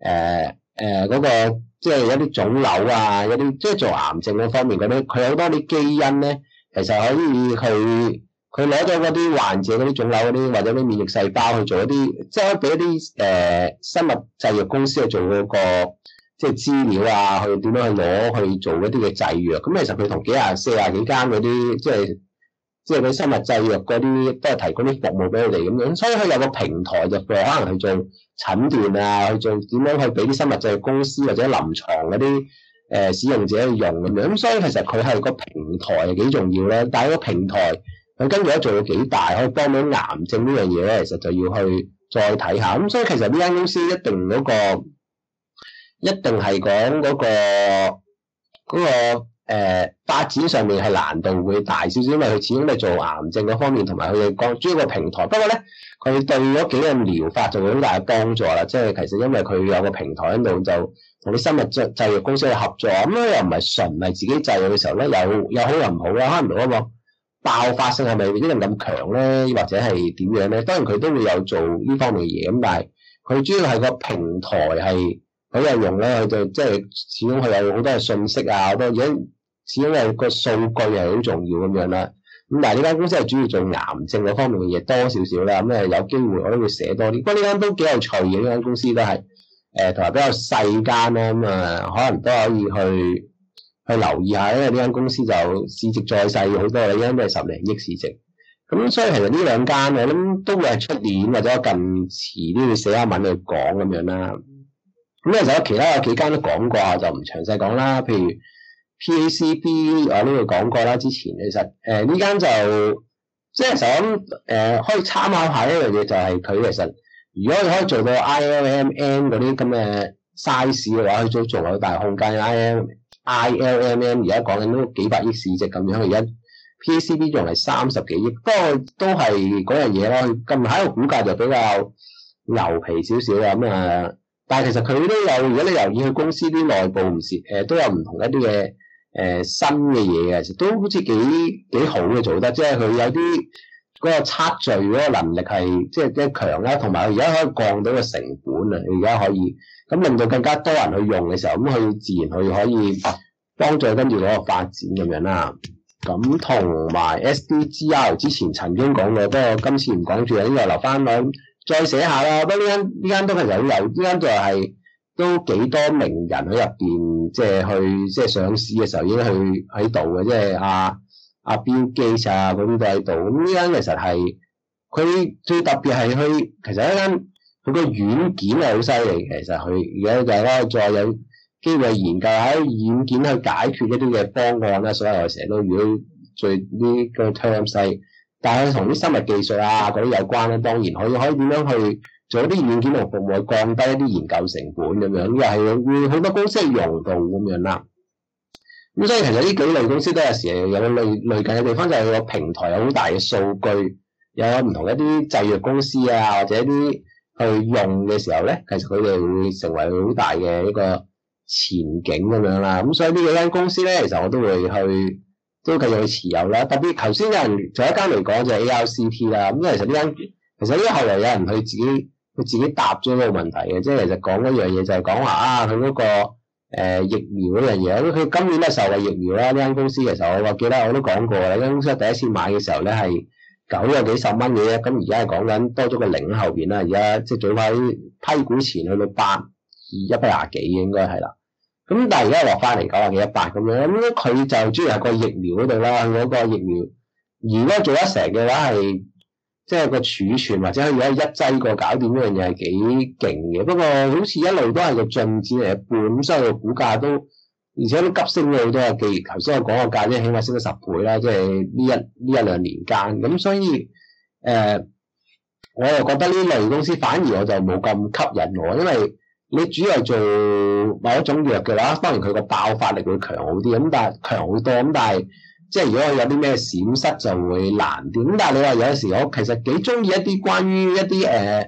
呃呃呃這個、即係有啲腫瘤啊，有啲即係做癌症嗰方面嗰啲，佢好多啲基因咧。其實可以去佢攞咗嗰啲患者嗰啲腫瘤嗰啲或者啲免疫細胞去做一啲，即係可以俾一啲誒、呃、生物製藥公司去做嗰個即係資料啊，去點樣去攞去做一啲嘅製藥。咁、嗯、其實佢同幾廿四廿幾間嗰啲即係即係啲生物製藥嗰啲都係提供啲服務俾佢哋咁樣，所以佢有個平台入就可，可能去做診斷啊，去做點樣去俾啲生物製藥公司或者臨床嗰啲。誒、呃、使用者去用咁樣，咁、嗯、所以其實佢係個平台係幾重要咧。但係個平台佢跟住咧做到幾大，可以幫到癌症呢樣嘢咧，其實就要去再睇下。咁、嗯、所以其實呢間公司一定嗰、那個一定係講嗰、那個嗰、那個、呃、發展上面係難度會大少少，因為佢始終係做癌症嗰方面，同埋佢哋講主要個平台。不過咧，佢對嗰幾種療法仲有好大幫助啦。即、就、係、是、其實因為佢有個平台喺度就。同啲生物製製藥公司去合作，咁咧又唔係純，唔係自己製藥嘅時候咧，有有好又唔好啦。可能如果講爆發性係咪已經咁強咧，或者係點樣咧？當然佢都會有做呢方面嘅嘢，咁但係佢主要係個平台係好有用咧，佢就即、是、係始終佢有好多嘅信息啊，好多嘢，始終係個數據又好重要咁樣啦。咁但係呢間公司係主要做癌症嗰方面嘅嘢多少少啦，咁啊有機會我都會寫多啲。不過呢間都幾有趣嘅呢間公司都係。誒，同埋、呃、比較細間咧，咁啊，可能都可以去去留意下，因為呢間公司就市值再細好多，呢間都係十零億市值，咁所以其實呢兩間我諗都會係出年或者近遲都要寫下文去講咁樣啦。咁其實有其他有幾間都講過，就唔詳細講啦。譬如 PACB，我呢度講過啦，之前其實誒呢間就即係想誒、呃，可以參考下一樣嘢就係、是、佢其實。如果你可以做到 ILMN 嗰啲咁嘅 size 嘅話，可以做做好大空間。ILMN ILMN 而家講緊都幾百億市值咁樣，而家 PACB 仲係三十幾億，不過都係嗰樣嘢咯。近排個股價就比較牛皮少少咁啊，但係其實佢都有，如果你留意佢公司啲內部唔蝕誒，都有唔同一啲嘅誒新嘅嘢嘅，其實都好似幾幾好嘅做得，即係佢有啲。嗰個測序嗰個能力係即係即係強啦、啊，同埋佢而家可以降到個成本啊！而家可以咁令到更加多人去用嘅時候，咁佢自然佢可以、啊、幫助跟住嗰個發展咁樣啦、啊。咁同埋 SDGR 之前曾經講過，不過今次唔講住咧，應該留翻咁再寫下啦。不過呢間呢間都係有，呢間就係、是、都幾多名人喺入邊，即係去即係上市嘅時候已經去喺度嘅，即係阿。啊。阿標記啊，咁啲都喺度。咁呢間其實係佢最特別係佢，其實呢間佢個軟件係好犀利。其實佢而家就咧再有機會研究下軟件去解決一啲嘅方案咧，所以我成日都如果最呢個趨勢，但係同啲生物技術啊嗰啲有關咧、啊，當然可以可以點樣去做啲軟件同服務去降低一啲研究成本咁樣。咁又係會好多公司係用到咁樣啦。咁、嗯、所以其實呢幾類公司都有時有個類類近嘅地方，就係個平台有好大嘅數據，又有唔同一啲製藥公司啊或者啲去用嘅時候咧，其實佢哋會成為好大嘅一個前景咁樣啦。咁、嗯、所以呢幾間公司咧，其實我都會去都會繼續去持有啦。特別頭先有人做一間嚟講就係 ARCT 啦、啊。咁、嗯、因為其實呢間其實呢後嚟有人去自己佢自己答咗呢個問題嘅，即係其實講一樣嘢就係講話啊佢嗰、那個。誒，uh, 疫苗嗰樣嘢，佢今年咧受嘅疫苗啦，呢間公司嘅時候，我記得我都講過，呢間公司第一次買嘅時候咧係九有幾十蚊嘅，咁而家係講緊多咗個零後邊啦，而家即係最快批股前去到八，一百廿幾應該係啦。咁但係而家落翻嚟九廿幾一百咁樣，咁咧佢就專係個疫苗嗰度啦，嗰個疫苗如果做得成嘅話係。即係個儲存或者如果一劑過搞掂呢樣嘢係幾勁嘅，不過好似一路都係個進展嚟一半咁，所以個股價都而且都急升咗好多，既然頭先我講個價，即係起碼升咗十倍啦，即係呢一呢一兩年間咁，所以誒、呃，我又覺得呢類公司反而我就冇咁吸引我，因為你主要做某一種藥嘅話，可能佢個爆發力會強好啲咁，但係強好多咁，但係。即係如果有啲咩閃失就會難啲，但係你話有時我其實幾中意一啲關於一啲誒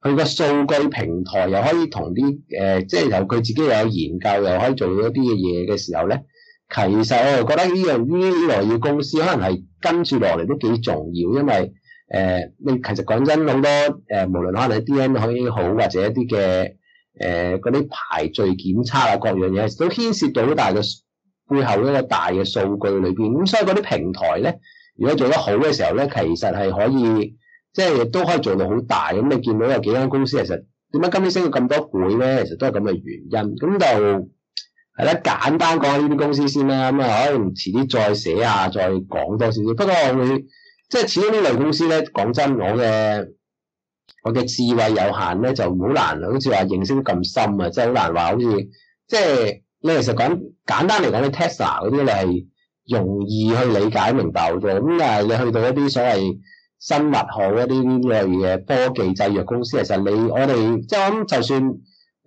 佢個數據平台又可以同啲誒、呃，即係由佢自己又有研究又可以做一啲嘅嘢嘅時候咧，其實我又覺得呢樣呢呢類公司可能係跟住落嚟都幾重要，因為誒你、呃、其實講真好多誒、呃，無論可能喺 d n 可以好或者一啲嘅誒嗰啲排序檢測啊各樣嘢都牽涉到好大嘅。背後一個大嘅數據裏邊，咁所以嗰啲平台咧，如果做得好嘅時候咧，其實係可以，即係都可以做到好大。咁、嗯、你見到有幾間公司其實點解今年升咗咁多倍咧？其實都係咁嘅原因。咁就係、是、啦，簡單講下呢啲公司先啦。咁啊，可能遲啲再寫下，再講多少少。不過我會，即係始終呢類公司咧，講真，我嘅我嘅智慧有限咧，就好難，好似話認識得咁深啊，真係好難話，好似即係。你其實講簡單嚟講，你 Tesla 嗰啲你係容易去理解明白咗。咁但係你去到一啲所謂生物學一啲類嘢科技製藥公司，其實你我哋即係我諗就算誒、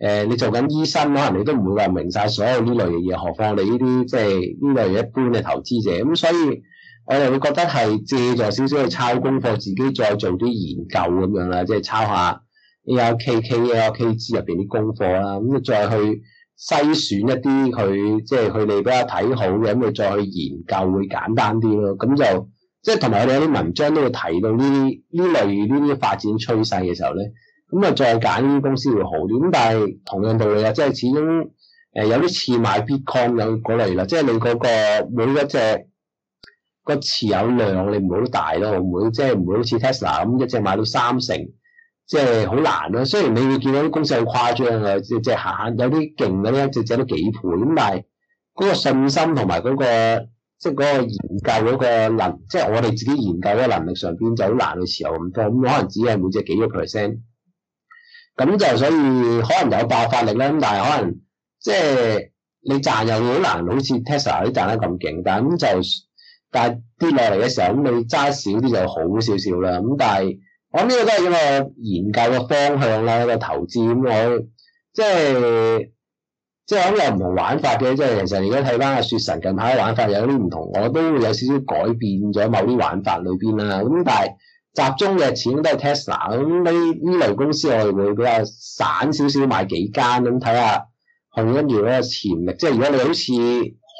呃、你做緊醫生，可能你都唔會話明晒所有呢類嘅嘢，何況你呢啲即係呢類一般嘅投資者。咁、嗯、所以我哋會覺得係借助少少去抄功課，自己再做啲研究咁樣啦，即係抄下 ARKK、ARKG 入邊啲功課啦，咁、嗯、再去。篩選一啲佢即係佢哋比較睇好嘅，咁佢再去研究會簡單啲咯。咁就即係同埋我哋有啲文章都會提到呢啲呢類呢啲發展趨勢嘅時候咧，咁啊再揀啲公司會好啲。咁但係同樣道理啊，即係始終誒、呃、有啲似買 Bitcoin 咁嗰類啦，即係你嗰、嗰個每一隻個,個,個持有量，你唔會好大咯，會唔會即係唔會好似 Tesla 咁一隻買到三成。即係好難咯、啊，雖然你會見到啲公司好誇張啊，即係行有啲勁嗰啲，就整到幾倍咁，但係嗰個信心同埋嗰個即係嗰個研究嗰個能力，即係我哋自己研究嘅能力上邊就好難嘅時候咁多，咁可能只係每隻幾個 percent。咁就所以可能有爆發力啦。咁但係可能即係你賺又好難，好似 Tesla 啲賺得咁勁，但係咁就但係跌落嚟嘅時候，咁你揸少啲就好少少啦。咁但係。講呢個都係一個研究嘅方向啦，一個投資。咁我即係即係可能有唔同玩法嘅，即係其實而家睇翻阿雪神近排嘅玩法有啲唔同，我都會有少少改變咗某啲玩法裏邊啦。咁但係集中嘅錢都係 Tesla 咁呢呢類公司，我哋會比較散少少買幾間咁睇下洪恩啲嘅潛力。即係如果你好似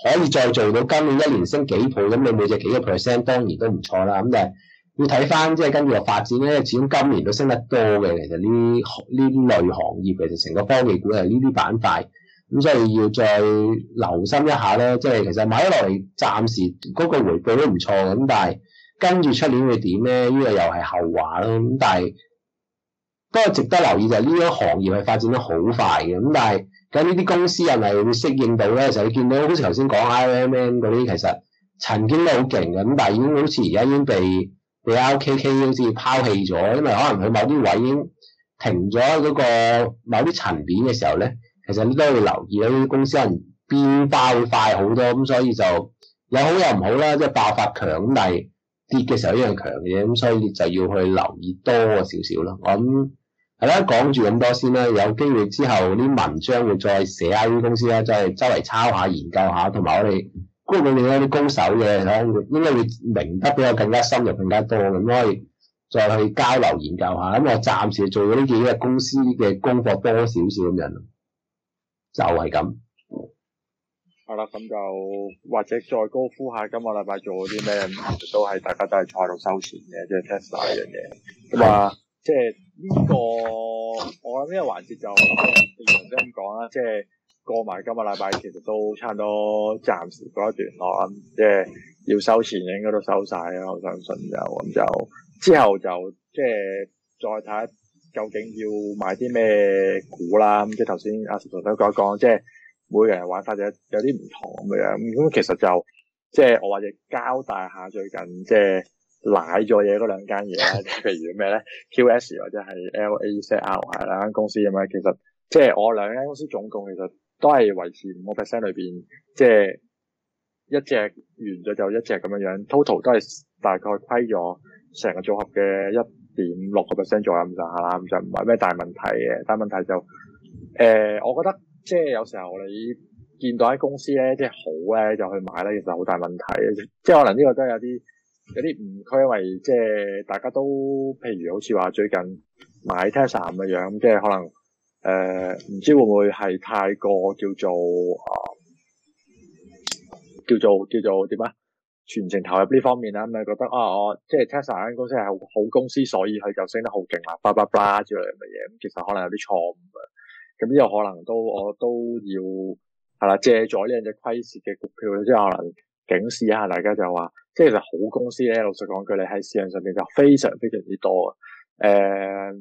可以再做到今年一年升幾倍咁，你每隻幾個 percent 當然都唔錯啦。咁就～要睇翻，即係跟住個發展咧，始終今年都升得多嘅。其實呢呢啲類行業，其實成個科技股係呢啲板塊，咁所以要再留心一下啦。即係其實買咗落嚟，暫時嗰個回報都唔錯嘅。咁但係跟住出年會點咧？呢個又係後話咯。咁但係不過值得留意就係呢啲行業係發展得好快嘅。咁但係咁呢啲公司係咪會適應到咧？就見到好似頭先講 IBM 嗰啲，其實曾經都好勁嘅。咁但係已經好似而家已經被你 LKK 好似拋棄咗，因為可能佢某啲位已經停咗嗰個某啲層面嘅時候咧，其實你都會留意到呢啲公司人變化會快好多，咁所以就有好有唔好啦，即係爆發強咁，跌嘅時候一樣強嘅嘢，咁所以就要去留意多少少我諗咁係啦，講住咁多先啦，有機會之後啲文章會再寫下呢啲公司啦，再周圍抄下研究下，同埋我哋。公裏面嗰啲高手嘅，可能應該會明得比我更加深入、更加多咁，可以再去交流研究下。咁我暫時做咗呢幾個公司嘅功課多少少咁樣，就係咁。係啦，咁就或者再高呼下，今個禮拜做咗啲咩？都係大家都係坐喺度收錢嘅，即係 test 下樣嘢。咁啊，即係呢個我諗呢個環節就唔想咁講啦，即係。過埋今日禮拜，其實都差唔多暫時過一段落啦、嗯。即係要收錢，應該都收晒啦。我相信就咁、嗯、就之後就即係再睇究竟要買啲咩股啦。咁即係頭先阿石頭都講一講，即係、啊、每個人玩法就有啲唔同咁樣。咁、嗯、其實就即係我話，或者交代下最近即係瀨咗嘢嗰兩間嘢啦，譬如咩咧，QS 或者係 LAZR 係兩間公司咁樣、嗯。其實即係我兩間公司總共其實。都係維持五個 percent 裏邊，即、就、係、是、一隻完咗就一隻咁樣樣，total 都係大概虧咗成個組合嘅一點六個 percent 左右咁就係啦，咁就唔係咩大問題嘅。但問題就誒、呃，我覺得即係、就是、有時候你見到喺公司咧，即、就、係、是、好咧就去買咧，其實好大問題嘅，即係可能呢個都有啲有啲誤區，因為即係大家都譬如好似話最近買 Tesla 咁嘅樣，即係可能。誒，唔、呃、知會唔會係太過叫做啊、呃，叫做叫做點啊？全情投入呢方面啦，咁、嗯、樣覺得啊，我即係 Tesla 間公司係好，好公司，所以佢就升得好勁啦，巴拉巴拉之類嘅嘢。咁其實可能有啲錯誤啊，咁、嗯、又可能都我都要係啦，借咗呢隻虧蝕嘅股票，即係可能警示一下大家就話，即係其實好公司咧，老實講句，你喺市場上邊就非常非常之多嘅，誒、呃。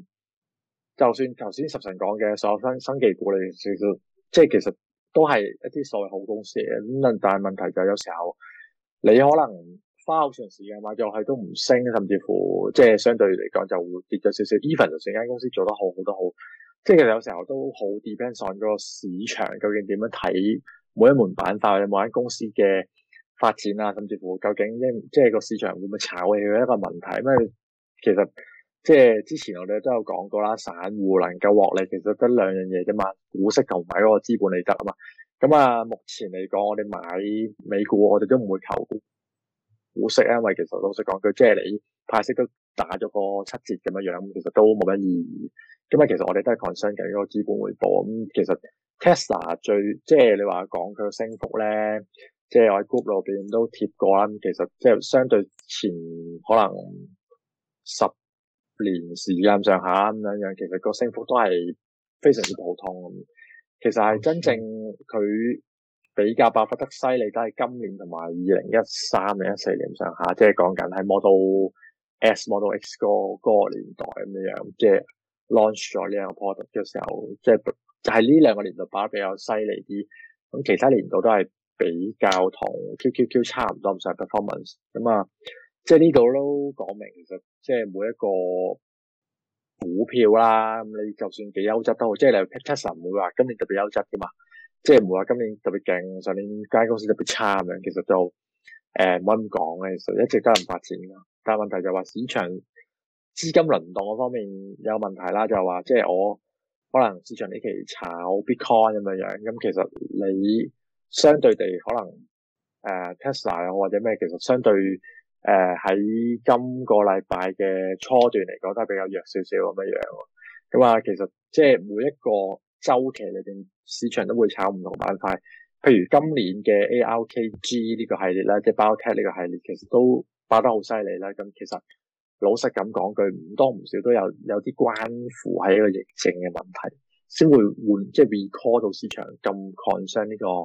就算頭先十神講嘅所有生生技股你少少，即係其實都係一啲所謂好公司嘅。咁但係問題就有時候你可能花好長時間買咗去都唔升，甚至乎即係相對嚟講就會跌咗少少。Even 就算間公司做得好好都好，即係其實有時候都好 depends on 個市場究竟點樣睇每一門板塊、每間公司嘅發展啊，甚至乎究竟即係個市場會唔會炒佢一個問題，因為其實。即係之前我哋都有講過啦，散戶能夠獲利其實得兩樣嘢啫嘛，股息同埋嗰個資本利得啊嘛。咁啊，目前嚟講，我哋買美股，我哋都唔會求股息啊，因為其實老實講，佢即係你派息都打咗個七折咁樣樣，其實都冇乜意義。咁啊，其實我哋都係 concern 緊嗰個資本回報。咁其實 Tesla 最即係你話講佢嘅升幅咧，即係我喺 group 入邊都貼過啦。其實即係相對前可能十。年時間上下咁樣樣，其實個升幅都係非常之普通。其實係真正佢比較爆發得犀利，都係今年同埋二零一三、零一四年上下，即係講緊喺 Model S、Model X 嗰個年代咁樣樣，即係 launch 咗呢兩個 product 嘅時候，即係就係呢兩個年度爆得比較犀利啲。咁其他年度都係比較同 QQQ 差唔多咁上 performance。咁啊，即係呢度都講明其實。即係每一個股票啦，咁你就算幾優質都好，即係你 Tesla 唔會話今年特別優質㗎嘛，即係唔會話今年特別勁，上年間公司特別差咁樣，其實就誒冇咁講嘅，其實一直得人發展嘅。但係問題就話市場資金輪動嗰方面有問題啦，就係、是、話即係我可能市場呢期炒 Bitcoin 咁樣樣，咁其實你相對地可能誒、呃、Tesla 或者咩，其實相對。誒，喺、呃、今個禮拜嘅初段嚟講，都係比較弱少少咁樣樣。咁、嗯、啊，其實即係每一個周期入邊，市場都會炒唔同板塊。譬如今年嘅 ARKG 呢個系列啦，即係 BioTech 呢個系列，其實都爆得好犀利啦。咁、嗯、其實老實咁講句，唔多唔少都有有啲關乎喺一個疫症嘅問題，先會換即係 recall 到市場咁 concern 呢個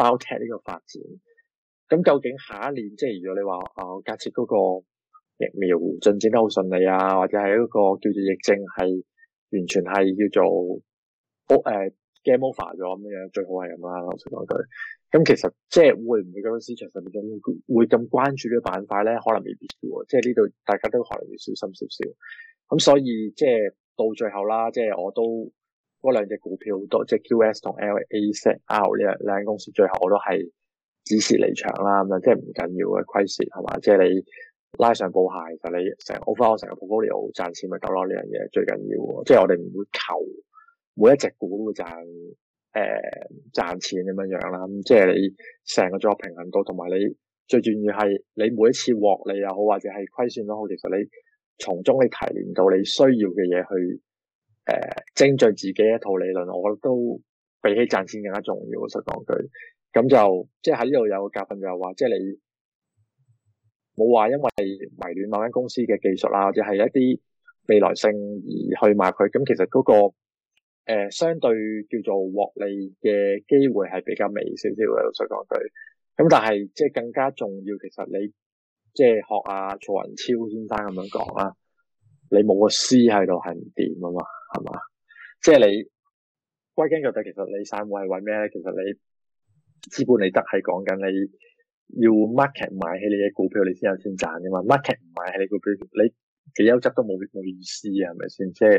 BioTech 呢個發展。咁究竟下一年即係如果你話啊，假設嗰個疫苗進展得好順利啊，或者係嗰個叫做疫症係完全係叫做好誒、哦呃、game over 咗咁樣，最好係咁啦。我先講句。咁其實即係會唔會覺得市場上邊中會咁關注呢個板塊咧？可能未必喎。即係呢度大家都可能要小心少少。咁所以即係到最後啦，即係我都嗰兩隻股票都即係 QS 同 LAZR 呢兩間公司，最後我都係。止蝕離場啦，咁樣即係唔緊要嘅虧損係嘛，即係你拉上布鞋，就是、你成 overall 成個 portfolio 賺錢咪夠咯，呢樣嘢最緊要啊！即係我哋唔會求每一隻股都會賺誒賺錢咁樣樣啦，咁即係你成個 job 平衡到，同埋你最重要係你每一次獲利又好，或者係虧損都好，其實你從中你提煉到你需要嘅嘢去誒精進自己一套理論，我覺得都比起賺錢更加重要。老實講句。咁就即係喺呢度有個教訓，就係話，即係你冇話因為迷戀某間公司嘅技術啊，或者係一啲未來性而去買佢。咁其實嗰個誒相對叫做獲利嘅機會係比較微少少嘅。老實講句，咁但係即係更加重要，其實你即係學阿曹雲超先生咁樣講啦，你冇個師喺度係唔掂啊嘛，係嘛？即係你歸根結底，其實你散戶係為咩咧？其實你資本利得係講緊你要 market 買起你嘅股票你，你先有錢賺噶嘛？market 唔買起你股票，你幾優質都冇冇意思，係咪先？即係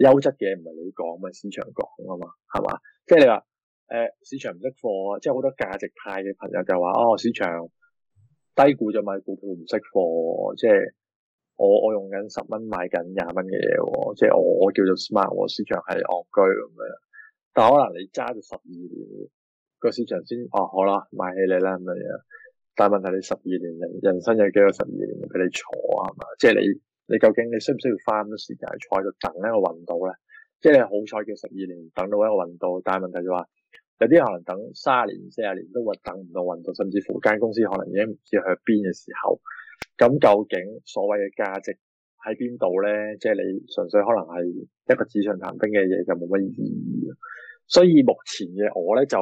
優質嘅嘢唔係你講、就是、嘛、就是呃，市場講啊嘛，係嘛？即係你話誒，市場唔識貨即係好多價值派嘅朋友就話哦，市場低估咗買股票唔識貨，即、就、係、是、我我用緊十蚊買緊廿蚊嘅嘢，即、就、係、是、我,我叫做 smart，市場係戇居咁樣。但係可能你揸咗十二。年。個市場先哦好啦，買起你啦咁嘅樣，但係問題你十二年嚟，人生有幾多十二年俾你坐啊？係嘛，即係你你究竟你需唔需要花咁多時間去坐喺度等咧？個運到咧？即係你好彩嘅十二年等到一個運到，但係問題就話有啲可能等三十年四十年都運等唔到運到，甚至乎間公司可能已經唔知去邊嘅時候，咁究竟所謂嘅價值喺邊度咧？即係你純粹可能係一個紙上談兵嘅嘢就冇乜意義。所以目前嘅我咧就，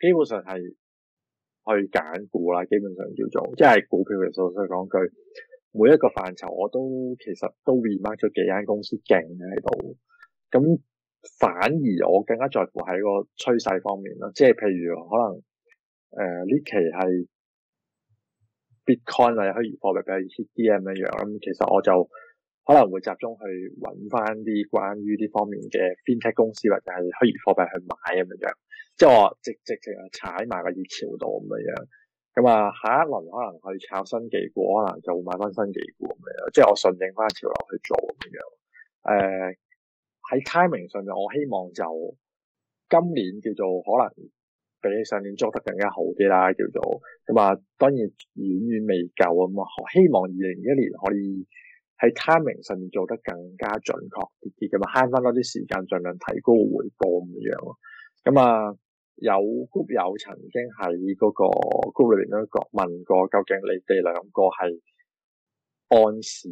基本上係去揀股啦，基本上叫做，即係股票嚟講，所以講句，每一個範疇我都其實都 remark 咗幾間公司勁嘅喺度。咁反而我更加在乎喺個趨勢方面咯，即係譬如可能誒呢、呃、期係 Bitcoin 或者虛擬貨幣比較 hit 啲咁樣樣，咁其實我就可能會集中去揾翻啲關於呢方面嘅 FinTech 公司或者係虛擬貨幣去買咁樣樣。即係我直直直踩埋個熱潮度咁樣，咁啊下一輪可能去炒新幾股，可能就會買翻新幾股咁樣。即係我順應翻潮流去做咁樣。誒、呃、喺 timing 上面，我希望就今年叫做可能比起上年做得更加好啲啦，叫做咁啊。當然遠遠未夠咁啊，希望二零二一年可以喺 timing 上面做得更加準確啲啲，咁啊慳翻多啲時間，儘量提高回報咁樣咯。咁啊～有谷友曾經喺嗰個谷裏邊咧問過，究竟你哋兩個係按時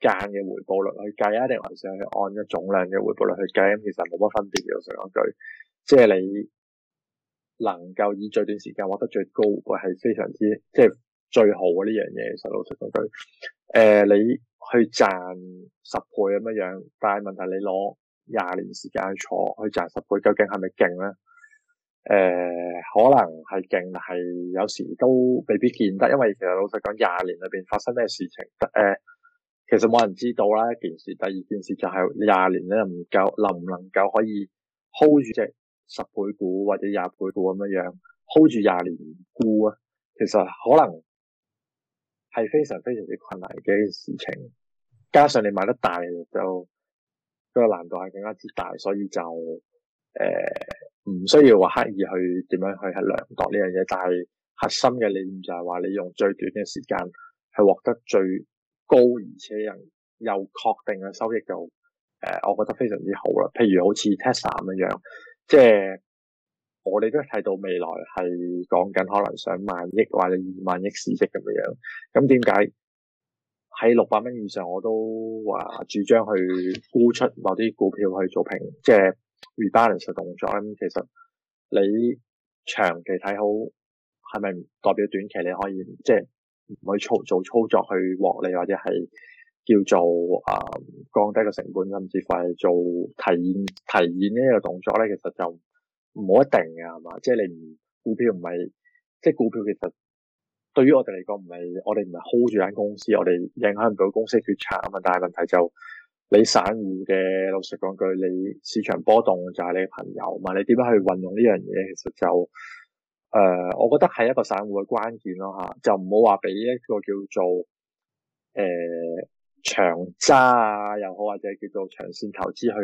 間嘅回報率去計啊，定還是係按嘅總量嘅回報率去計？咁其實冇乜分別嘅。我想講句，即係你能夠以最短時間獲得最高，係非常之即係最好嘅呢樣嘢。實老實講句，誒、呃，你去賺十倍咁樣，但係問題你攞廿年時間去坐去賺十倍，究竟係咪勁咧？誒、呃，可能係勁，係有時都未必見得，因為其實老實講，廿年裏邊發生咩事情，誒、呃，其實冇人知道啦。一件事，第二件事就係廿年咧唔夠，能唔能夠可以 hold 住隻十倍股或者廿倍股咁樣樣，hold 住廿年唔沽啊？其實可能係非常非常之困難嘅一件事情，加上你買得大就個難度係更加之大，所以就誒。呃唔需要話刻意去點樣去係量度呢樣嘢，但係核心嘅理念就係話你用最短嘅時間去獲得最高而且又又確定嘅收益就，誒、呃，我覺得非常之好啦。譬如好似 Tesla 咁樣，即係我哋都睇到未來係講緊可能上萬億或者二萬億市值咁嘅樣，咁點解喺六百蚊以上我都話主張去沽出某啲股票去做平，即係。Rebalance 嘅動作咧，咁其實你長期睇好，係咪代表短期你可以即係唔去操做操作去獲利，或者係叫做誒、呃、降低個成本，甚至乎係做提現提現呢個動作咧，其實就唔好一定㗎係嘛，即係、就是、你唔股票唔係即係股票，其實對於我哋嚟講唔係我哋唔係 hold 住間公司，我哋影響唔到公司決策啊嘛，但係問題就。你散戶嘅，老實講句，你市場波動就係你嘅朋友嘛？你點樣去運用呢樣嘢，其實就誒、呃，我覺得係一個散戶嘅關鍵咯嚇。就唔好話俾一個叫做誒、呃、長揸啊，又好或者叫做長線投資去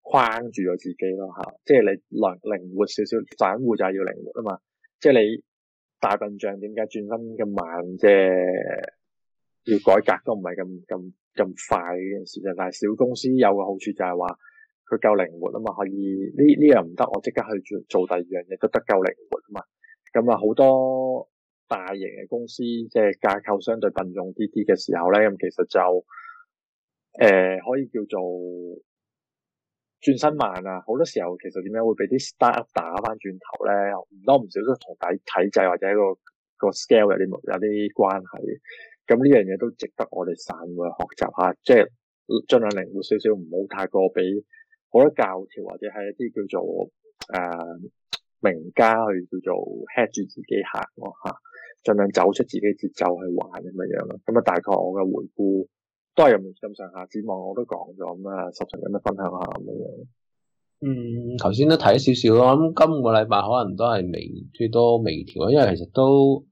框住咗自己咯嚇。即係你靈靈活少少，散戶就係要靈活啊嘛。即係你大笨象點解轉身咁慢啫？要改革都唔係咁咁咁快嘅件事就，但係小公司有個好處就係話佢夠靈活啊嘛，可以呢呢樣唔得，我即刻去做做第二樣嘢都得，夠靈活啊嘛。咁啊，好多大型嘅公司即係架構相對笨重啲啲嘅時候咧，咁其實就誒、呃、可以叫做轉身慢啊。好多時候其實點解會俾啲 startup 打翻轉頭咧？唔多唔少都同底體制或者個個 scale 有啲有啲關係。咁呢樣嘢都值得我哋散戶去學習下，即係盡量靈活少少，唔好太過俾好多教條或者係一啲叫做誒、呃、名家去叫做 head 住自己行咯嚇，盡量走出自己節奏去玩咁樣咯。咁啊，大概我嘅回顧都係用咁上下，展望我都講咗咁啊，十成咁啊，分享下咁樣。嗯，頭先都睇少少咯。咁今個禮拜可能都係微最多微調咯，因為其實都。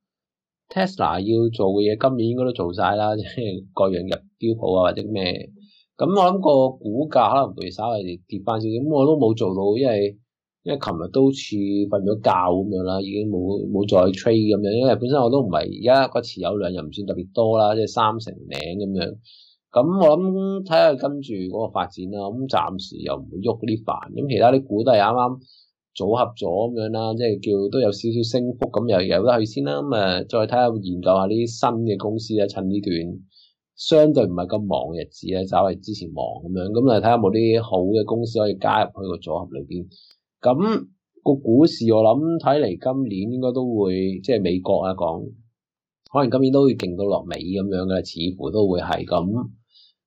Tesla 要做嘅嘢今年應該都做晒啦，即係各樣入標普啊或者咩，咁我諗個股價可能會稍微跌翻少少，咁我都冇做到，因為因為琴日都似瞓咗覺咁樣啦，已經冇冇再 trade 咁樣，因為本身我都唔係而家個持有量又唔算特別多啦，即係三成零咁樣，咁我諗睇下跟住嗰個發展啦，咁暫時又唔會喐啲飯，咁其他啲股都係啱啱，組合咗咁樣啦，即係叫都有少少升幅咁，又有得去先啦。咁啊，再睇下研究下呢啲新嘅公司啦，趁呢段相對唔係咁忙嘅日子咧，稍為之前忙咁樣，咁嚟睇下有冇啲好嘅公司可以加入去個組合裏邊。咁個股市我諗睇嚟今年應該都會，即係美國啊講，可能今年都會勁到落尾咁樣嘅，似乎都會係咁，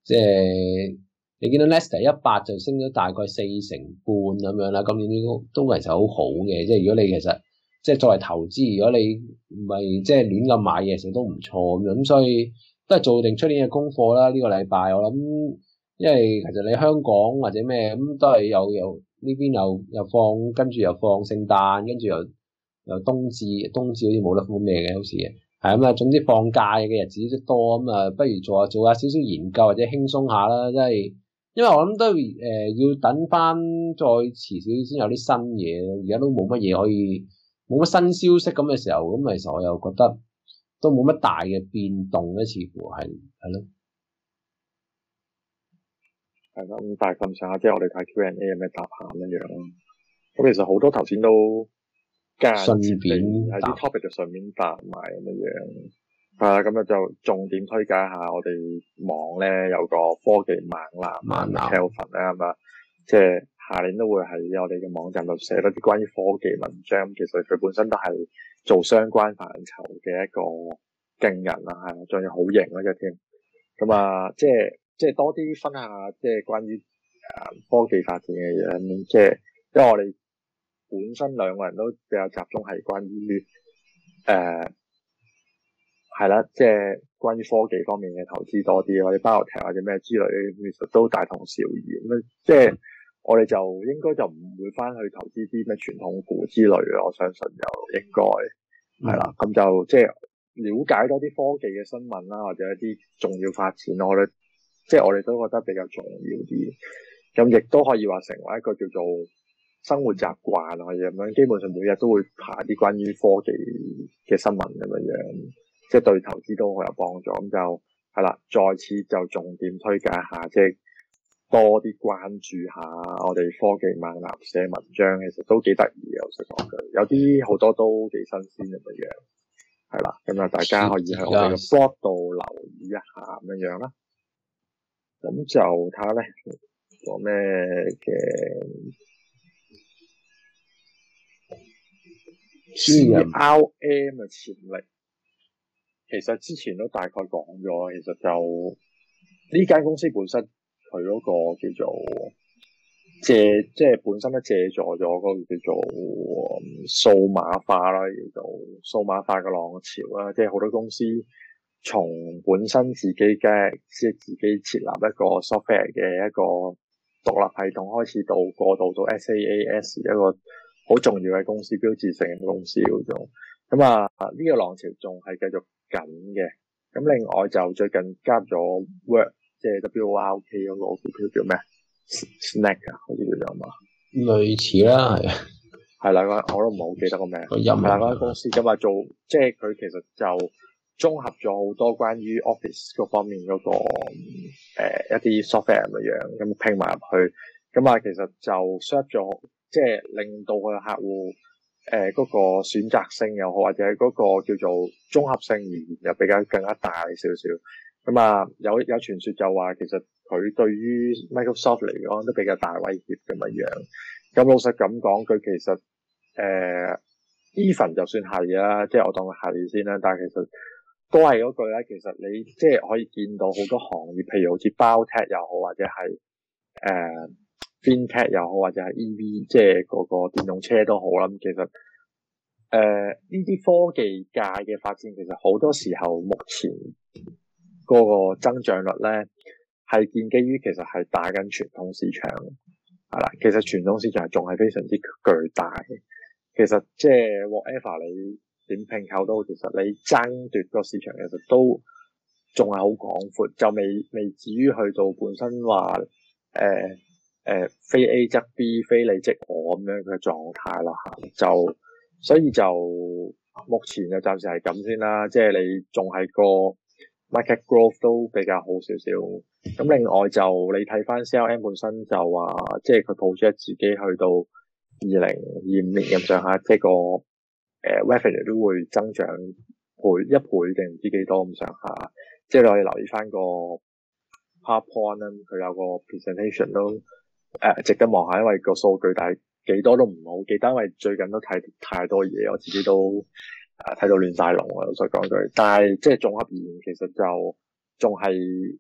即係。你見到 Nestle 一八就升咗大概四成半咁樣啦，今年啲都其實好好嘅，即係如果你其實即係作為投資，如果你唔係即係亂咁買嘢，其實都唔錯咁樣，咁所以都係做定出年嘅功課啦。呢、這個禮拜我諗，因為其實你香港或者咩咁、嗯、都係又又呢邊又又放，跟住又放聖誕，跟住又又冬至，冬至好似冇得放咩嘅好似，係咁啊。總之放假嘅日子都多咁啊、嗯，不如做下做下少少研究或者輕鬆下啦，即係。因為我諗都誒要等翻再遲少少先有啲新嘢，而家都冇乜嘢可以，冇乜新消息咁嘅時候，咁咪其實我又覺得都冇乜大嘅變動咧，似乎係係咯。係咯，咁、嗯、但係咁上下，即係我哋睇 Q&A 有咩答下咁樣咯。咁其實好多頭先都順便喺啲 topic 就順便答埋咁樣。係咁啊，就重點推介下我哋網咧有個科技猛男，猛男 Kelvin 咧，咁啊，即係下年都會喺我哋嘅網站度寫多啲關於科技文章。其實佢本身都係做相關範疇嘅一個勁人啊，係仲要好型嘅啫添。咁啊，即係即係多啲分享下即係關於誒科技發展嘅嘢。咁即係因為我哋本身兩個人都比較集中係關於誒。呃係啦，即係關於科技方面嘅投資多啲，嗯、或者包郵艇或者咩之類，其實都大同小異。咁即係我哋就應該就唔會返去投資啲咩傳統股之類嘅。我相信就應該係啦。咁、嗯、就即係了解多啲科技嘅新聞啦，或者一啲重要發展咯。我哋即係我哋都覺得比較重要啲。咁亦都可以話成為一個叫做生活習慣啊，咁樣基本上每日都會睇啲關於科技嘅新聞咁樣樣。即係對投資都好有幫助，咁就係啦。再次就重點推介下，即係多啲關注下我哋科技猛男寫文章，其實都幾得意嘅。老實講句，有啲好多都幾新鮮咁樣樣，係啦。咁啊，大家可以喺我哋嘅 blog 度留意一下咁樣樣啦。咁就睇下咧，講咩嘅？R.M 嘅潛力。其實之前都大概講咗，其實就呢間公司本身佢嗰個叫做借即係本身都借助咗嗰、嗰個叫做數碼化啦，叫做數碼、嗯、化嘅浪潮啦，即係好多公司從本身自己嘅即係自己設立一個 software 嘅一個獨立系統開始到過渡到 SaaS 一個好重要嘅公司標誌性嘅公司嗰種咁啊，呢、呢個浪潮仲係繼續。緊嘅，咁另外就最近加入咗 Work，即係 W O R K 嗰個股票叫咩？Snack 啊，好似叫做啊嘛，ack, 類似啦，係，係啦，我都唔係好記得個名，係啦，嗰間、嗯、公司噶嘛，做即係佢其實就綜合咗好多關於 Office 嗰方面嗰個誒、呃、一啲 software 咁樣，咁拼埋入去，咁啊其實就 shut 咗，即係令到佢個客戶。誒，嗰、呃那個選擇性又好，或者嗰個叫做綜合性而言又比較更加大少少。咁、嗯、啊，有有傳說就話，其實佢對於 Microsoft 嚟講都比較大威脅咁樣樣。咁老實咁講，佢其實誒，even 就算係啊，即係我當係先啦。但係其實都係嗰句咧，其實你即係可以見到好多行業，譬如好似 BioTech 又好，或者係誒。呃電車又好，或者係 EV，即係嗰個電動車都好啦。咁其實誒呢啲科技界嘅發展，其實好多時候，目前嗰個增長率咧係建基於其實係打緊傳統市場。係啦，其實傳統市場仲係非常之巨大嘅。其實即係 whatever 你點拼購都好，其實你爭奪個市場其實都仲係好廣闊，就未未至於去到本身話誒。呃誒、呃，非 A 則 B，非你即我咁樣嘅狀態咯吓，就所以就目前就暫時係咁先啦，即係你仲係個 market growth 都比較好少少。咁另外就你睇翻 CLM 本身就話，即係佢抱住自己去到二零二五年咁上下，即係個誒 revenue 都會增長倍一倍定唔知幾多咁上下。即係你可以留意翻個 powerpoint 佢有個 presentation 都。誒、呃，值得望下，因為個數據大幾多都唔好，記得，因為最近都睇太多嘢，我自己都誒睇到亂晒龍啊！老實講句，但係即係綜合而言，其實就仲係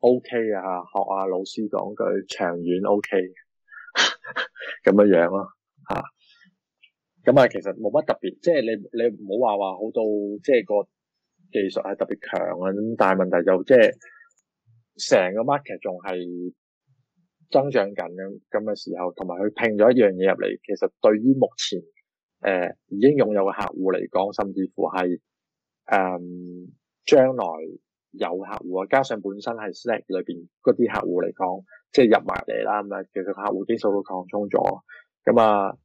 O K 啊！學下老師講句，長遠 O K 咁樣樣，啊、咯，吓咁啊、嗯，其實冇乜特別，即係你你唔好話話好到即係個技術係特別強啊，咁但係問題就是，即係成個 market 仲係。增長緊咁咁嘅時候，同埋佢拼咗一樣嘢入嚟，其實對於目前誒、呃、已經擁有嘅客戶嚟講，甚至乎係誒將來有客戶啊，加上本身係 Slack 裏邊嗰啲客戶嚟講，即係入埋嚟啦咁啊，其實客戶啲數都擴充咗。咁啊，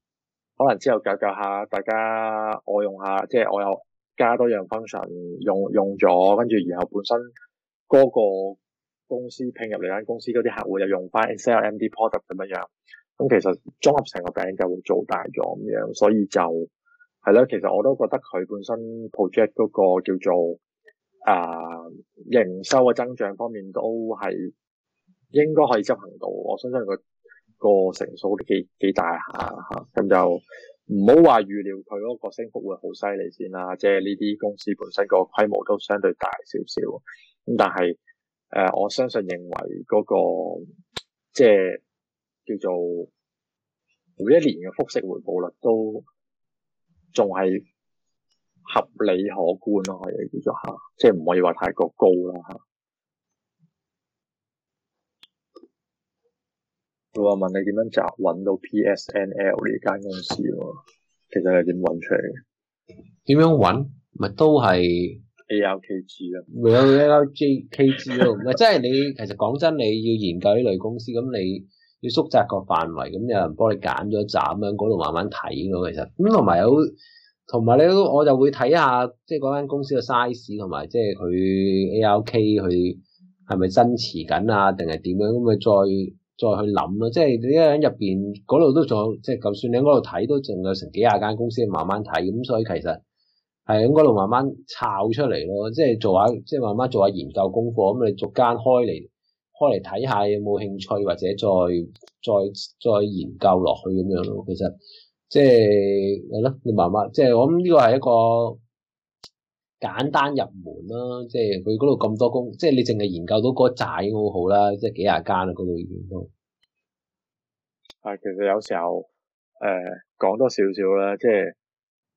可能之後教教下大家，我用下，即係我又加多樣 function 用用咗，跟住然後本身嗰、那個。公司聘入嚟間公司嗰啲客戶又用翻 Excel MD Product 咁樣，咁其實綜合成個餅就會做大咗咁樣，所以就係咯。其實我都覺得佢本身 project 嗰個叫做誒、啊、營收嘅增長方面都係應該可以執行到，我相信佢個成數都幾幾大下嚇。咁、啊、就唔好話預料佢嗰個升幅會好犀利先啦。即係呢啲公司本身個規模都相對大少少，咁但係。呃、我相信認為嗰、嗰個即係叫做每一年嘅複式回報率都仲係合理可觀咯，可以叫做嚇，即係唔可以話太過高啦嚇。佢話問你點樣揀揾到 PSNL 呢間公司喎？其實係點揾出嚟嘅？點樣揾咪都係。A L K G 咯， [LAUGHS] 唔係 A L J K G 咯，唔係即係你其實講真，你要研究呢類公司，咁你，你要縮窄個範圍，咁有人幫你揀咗集咁樣嗰度慢慢睇咯。其實咁同埋有，同埋咧，我就會睇下即係嗰間公司嘅 size 同埋即係佢 ARK 佢係咪增持緊啊？定係點樣咁咪再再去諗咯。即係你一喺入邊嗰度都仲有，即係，就算你喺嗰度睇都仲有成幾廿間公司慢慢睇咁，所以其實。係應該度慢慢抄出嚟咯，即係做下，即係慢慢做下研究功課。咁你逐間開嚟開嚟睇下有冇興趣，或者再再再研究落去咁樣咯。其實即係係咯，你慢慢即係我諗呢個係一個簡單入門啦。即係佢嗰度咁多功，即係你淨係研究到嗰個仔好好啦，即係幾廿間啦嗰度已經都。係，其實有時候誒講、呃、多少少啦，即係。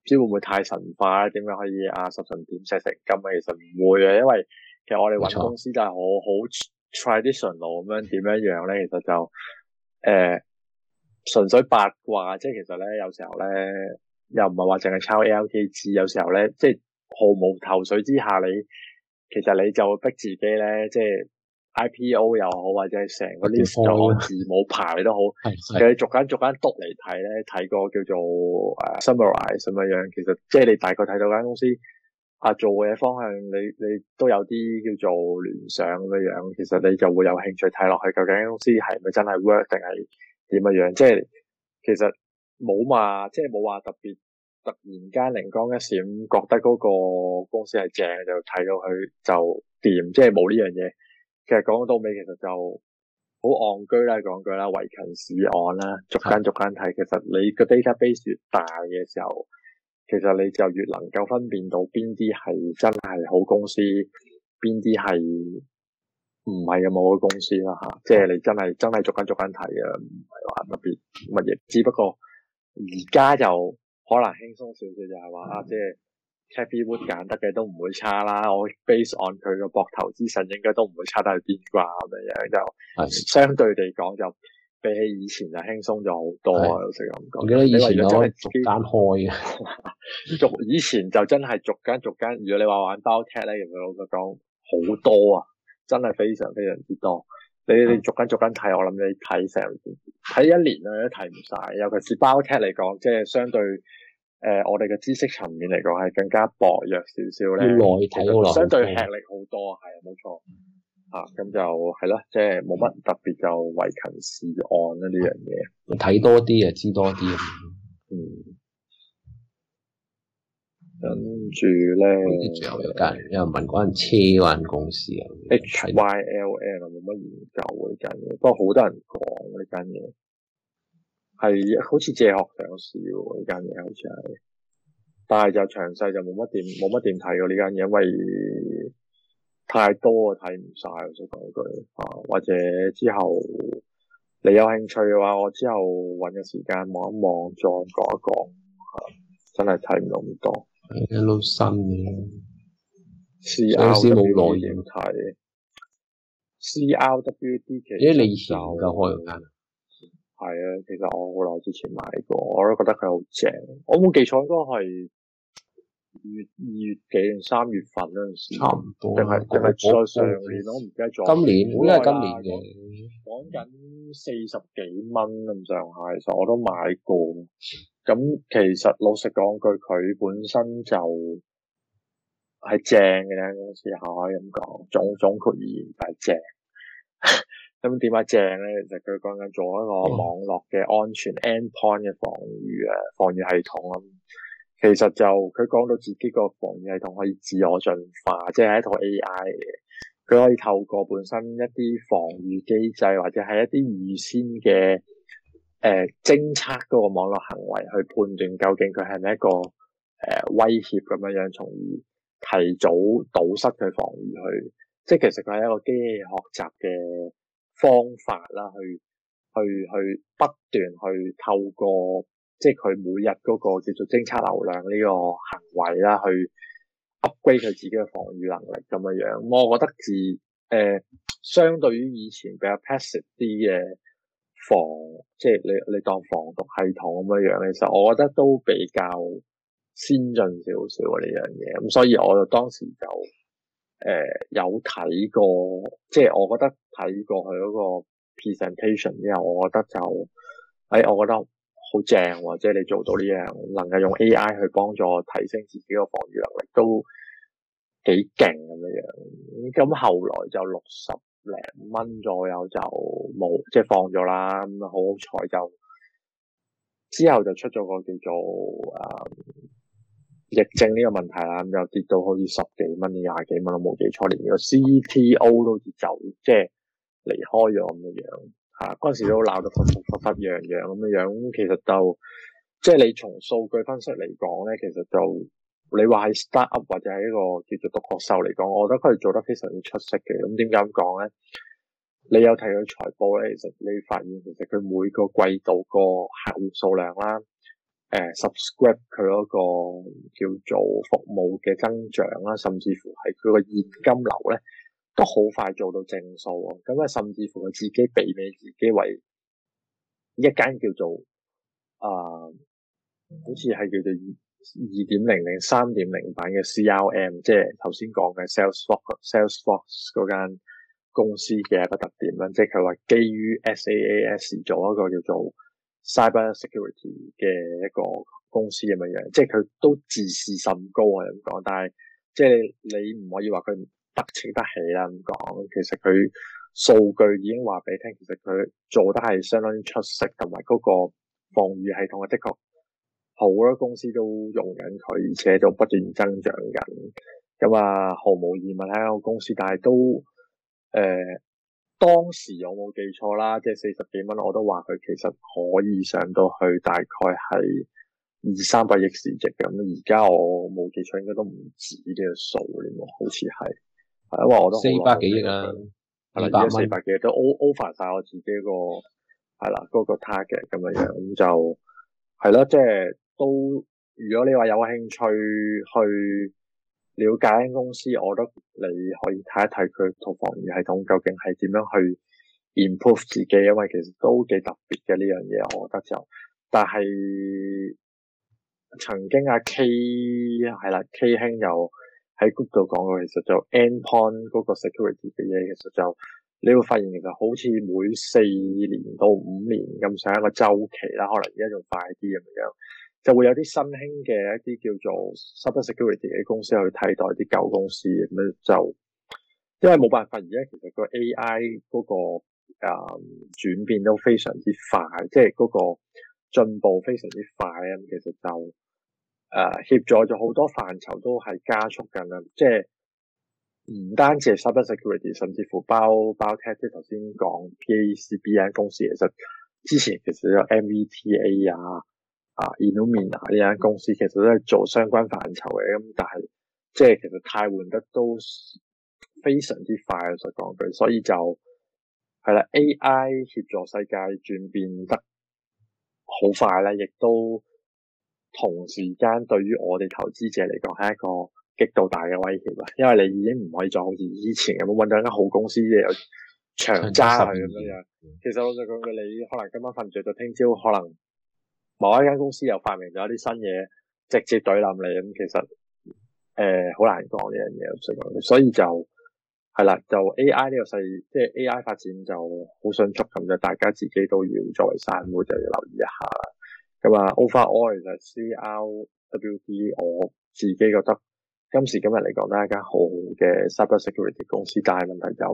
知會唔會太神化咧？點樣可以啊？十神點石成金啊？其實唔會啊，因為其實我哋揾公司都係好好 traditional 咁樣點樣樣咧。其實就誒、呃、純粹八卦，即係其實咧有時候咧又唔係話淨係抄 LTK，有時候咧即係毫無頭緒之下，你其實你就會逼自己咧即係。IPO 又好，或者係成個啲字母牌都好，其實 [LAUGHS] 是逐間逐間篤嚟睇咧，睇個叫做誒、uh, summarize 咁樣樣，其實即係你大概睇到間公司啊做嘢方向，你你都有啲叫做聯想咁樣樣，其實你就會有興趣睇落去，究竟間公司係咪真係 work 定係點樣樣？即係其實冇嘛，即係冇話特別突然間靈光一閃，覺得嗰個公司係正就睇到佢就掂，即係冇呢樣嘢。其實講到尾，其實就好戇居啦，講句啦，維勤市案啦，逐間逐間睇。其實你個 database 越大嘅時候，其實你就越能夠分辨到邊啲係真係好公司，邊啲係唔係咁好嘅公司啦吓。嗯、即係你真係真係逐間逐間睇嘅，唔係話特別乜嘢。只不過而家就可能輕鬆少少，就係話啊，即係。Catchy Wood 揀得嘅都唔會差啦，我 base on 佢個膊頭資訊應該都唔會差得去邊啩咁樣樣，就相對嚟講就比起以前就輕鬆咗好多啊！的我記得以前我係單開嘅， [LAUGHS] 逐以前就真係逐間逐間。如果你話玩包踢咧，我老實講好多啊，真係非常非常之多。你哋逐間逐間睇，我諗你睇成睇一年咧都睇唔晒，尤其是包踢嚟講，即係相對。誒、呃，我哋嘅知識層面嚟講係更加薄弱少少咧，要內睇，相對吃力好多，係啊、嗯，冇、嗯、錯。嚇，咁就係咯，即係冇乜特別就為勤事案啦呢樣嘢。睇多啲啊，知多啲啊。嗯，跟住咧，最後一間又問嗰間車運公司啊，H Y L L 冇乜研究嘅呢間嘢，不過好多人講呢間嘢。係好似借殼上市喎呢間嘢，好似係，但係就詳細就冇乜點冇乜點睇過呢間嘢，因為太多我睇唔晒。我想講一句啊，或者之後你有興趣嘅話，我之後搵個時間望一望再講一講，啊，真係睇唔到咁多，係啲新嘢，CRWD，其實你以前夠開間。嗯係啊，其實我好耐之前買過，我都覺得佢好正。我冇記錯，應該係月二月幾定三月份嗰陣時，差唔多。定係定係上年，我唔記得咗。今年應該係今年嘅，講緊四十幾蚊咁上下，其實我都買過。咁其實老實講句，佢本身就係正嘅呢間公司，可以咁講。總總括而言係正。 [LAUGHS] 咁點解正咧？其實佢講緊做一個網絡嘅安全 endpoint 嘅防禦誒防禦系統啊。其實就佢講到自己個防禦系統可以自我進化，即係一套 AI 嘅。佢可以透過本身一啲防禦機制，或者係一啲預先嘅誒、呃、偵測嗰個網絡行為去判斷究竟佢係咪一個誒、呃、威脅咁樣樣，從而提早堵塞佢防禦去。即係其實佢係一個機器學習嘅。方法啦，去去去不斷去透過，即係佢每日嗰個叫做偵測流量呢個行為啦，去 upgrade 佢自己嘅防禦能力咁樣樣。我覺得自誒、呃，相對於以前比較 passive 啲嘅防，即係你你當防毒系統咁樣樣，其實我覺得都比較先進少少啊呢樣嘢。咁所以我就當時就誒、呃，有睇過，即係我覺得。睇過去嗰個 presentation 之後，我覺得就誒、哎，我覺得好正喎！即係你做到呢樣，能夠用 AI 去幫助提升自己個防御能力，都幾勁咁樣。咁後來就六十零蚊左右就冇，即係放咗啦。咁好彩就之後就出咗個叫做誒疫症呢個問題啦，咁就跌到好似十,十幾蚊、廿幾蚊都冇記錯，連個 CTO 都好似走，即係～離開咗咁樣，吓、啊、嗰時都鬧到沸沸沸沸揚揚咁樣，咁其實就即係你從數據分析嚟講咧，其實就你話係 startup 或者係一個叫做獨角獸嚟講，我覺得佢做得非常之出色嘅。咁點解咁講咧？你有睇佢財報咧，其實你發現其實佢每個季度個客戶數量啦，誒，subscribe 佢嗰個叫做服務嘅增長啦，甚至乎係佢個現金流咧。都好快做到正數啊！咁啊，甚至乎佢自己俾俾自己為一間叫做啊、呃，好似係叫做二二點零零三點零版嘅 CRM，即係頭先講嘅 Salesforce、Salesforce 嗰間公司嘅一個特點啦。即係佢話基於 SaaS 做一個叫做 cyber security 嘅一個公司咁樣樣，即係佢都自視甚高啊咁講，但係即係你唔可以話佢。得清得起啦，咁講，其實佢數據已經話俾你聽，其實佢做得係相當出色，同埋嗰個防禦系統啊，的確好多公司都用緊佢，而且都不斷增長緊，咁、嗯、啊，毫無疑問喺我公司，但係都誒、呃、當時有冇記錯啦，即係四十幾蚊，我都話佢其實可以上到去大概係二三百億市值咁。而、嗯、家我冇記錯，應該都唔止嘅數添喎，好似係。因為我話我都四百幾億啦，係啦、啊，四百幾億都 over 曬我自己、那個係啦嗰 target 咁樣，咁就係啦，即係、就是、都如果你話有興趣去了解呢間公司，我覺得你可以睇一睇佢套防禦系統究竟係點樣去 improve 自己，因為其實都幾特別嘅呢樣嘢，我覺得就，但係曾經阿 K 係啦，K 兄又。喺 Google 度講過，其實就 Endpoint 嗰個 security 嘅嘢，其實就你會發現其實好似每四年到五年咁，上一個周期啦，可能而家仲快啲咁樣，就會有啲新興嘅一啲叫做 Subs Security 嘅公司去替代啲舊公司咁樣就，因為冇辦法，而家其實個 AI 嗰、嗰個誒、呃、轉變都非常之快，即係嗰個進步非常之快咁其實就。誒、uh, 協助咗好多範疇都係加速緊啦，即係唔單止係 subordinate 甚至乎包括包 c a 即係頭先講 PACB 間公司其實之前其實有 MVTA 啊啊 Illumina 呢間公司其實都係做相關範疇嘅，咁但係即係其實替換得都非常之快啊！我實講句，所以就係啦，AI 協助世界轉變得好快咧，亦都。同時間對於我哋投資者嚟講係一個極度大嘅威脅啊！因為你已經唔可以再好似以前咁樣揾到一間好公司，即係有長揸咁樣樣。其實老實講嘅，你可能今晚瞓唔著到聽朝，可能某一間公司又發明咗一啲新嘢，直接對冧你咁。其實誒，好、呃、難講呢樣嘢，所以就係啦，就 A.I. 呢個世，即係 A.I. 發展就好迅速，咁就大家自己都要作為散戶就要留意一下啦。咁啊 o f e r o i l 就係 CRWD，我自己覺得今時今日嚟講咧，一間好嘅 cyber security 公司，但係問題就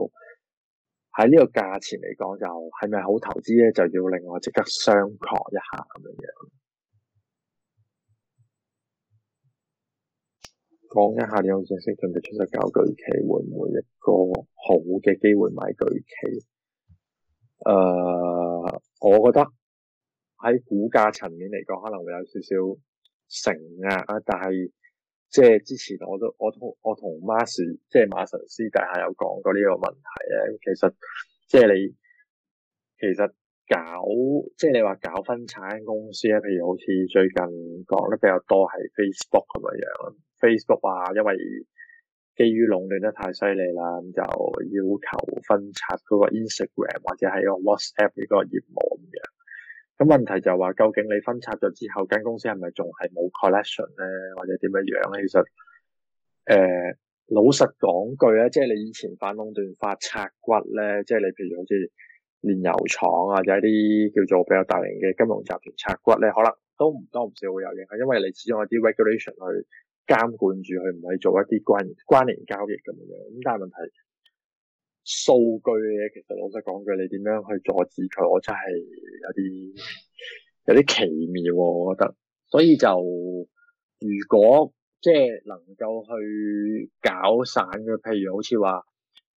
喺呢個價錢嚟講，就係、是、咪好投資咧？就要另外值得商榷一下咁樣樣。講一下有冇正式準備出售搞巨企，會唔會一個好嘅機會買巨企？誒、呃，我覺得。喺股價層面嚟講，可能會有少少承壓啊！但係即係之前我都我同我同馬士即係馬神師底下有講過呢個問題咧。其實即係你其實搞即係你話搞分拆公司咧，譬如好似最近講得比較多係 Facebook 咁樣 [LAUGHS] ，Facebook 啊，因為基於壟斷得太犀利啦，咁就要求分拆嗰個 Instagram 或者係個 WhatsApp 呢個業務咁樣。咁問題就係、是、話，究竟你分拆咗之後，間公司係咪仲係冇 collection 咧，或者點樣樣咧？其實，誒、呃、老實講句咧，即係你以前反壟斷法拆骨咧，即係你譬如好似煉油廠啊，或者一啲叫做比較大型嘅金融集團拆骨咧，可能都唔多唔少會有影響，因為你始終有啲 regulation 去監管住，佢，唔去做一啲關聯關聯交易咁樣。咁但係問題。數據嘅嘢，其實老實講句，你點樣去阻止佢，我真係有啲有啲奇妙，啊，我覺得。所以就如果即係能夠去搞散嘅，譬如好似話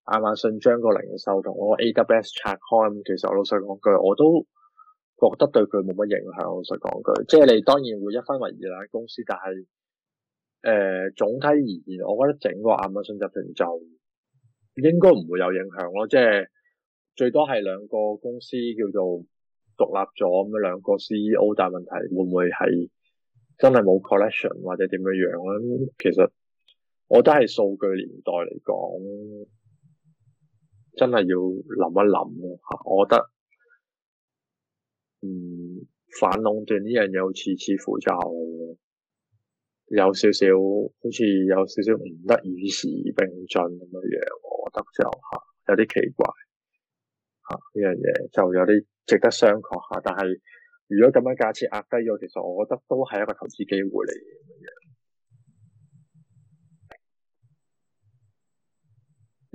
亞馬遜將個零售同個 AWS 拆開，咁其實我老實講句，我都覺得對佢冇乜影響。老實講句，即係你當然會一分為二啦，公司，但係誒、呃、總體而言，我覺得整個亞馬遜集團就。應該唔會有影響咯，即係最多係兩個公司叫做獨立咗咁樣，兩個 CEO 但係問題會唔會係真係冇 collection 或者點樣樣咧？其實我都係數據年代嚟講，真係要諗一諗吓，我覺得嗯反壟斷呢樣嘢好似似乎就。有少少好似有少少唔得與時並進咁嘅嘢，我覺得就吓，有啲奇怪吓，呢樣嘢，就有啲值得商榷吓。但係如果咁樣價錢壓低咗，其實我覺得都係一個投資機會嚟嘅。咁樣，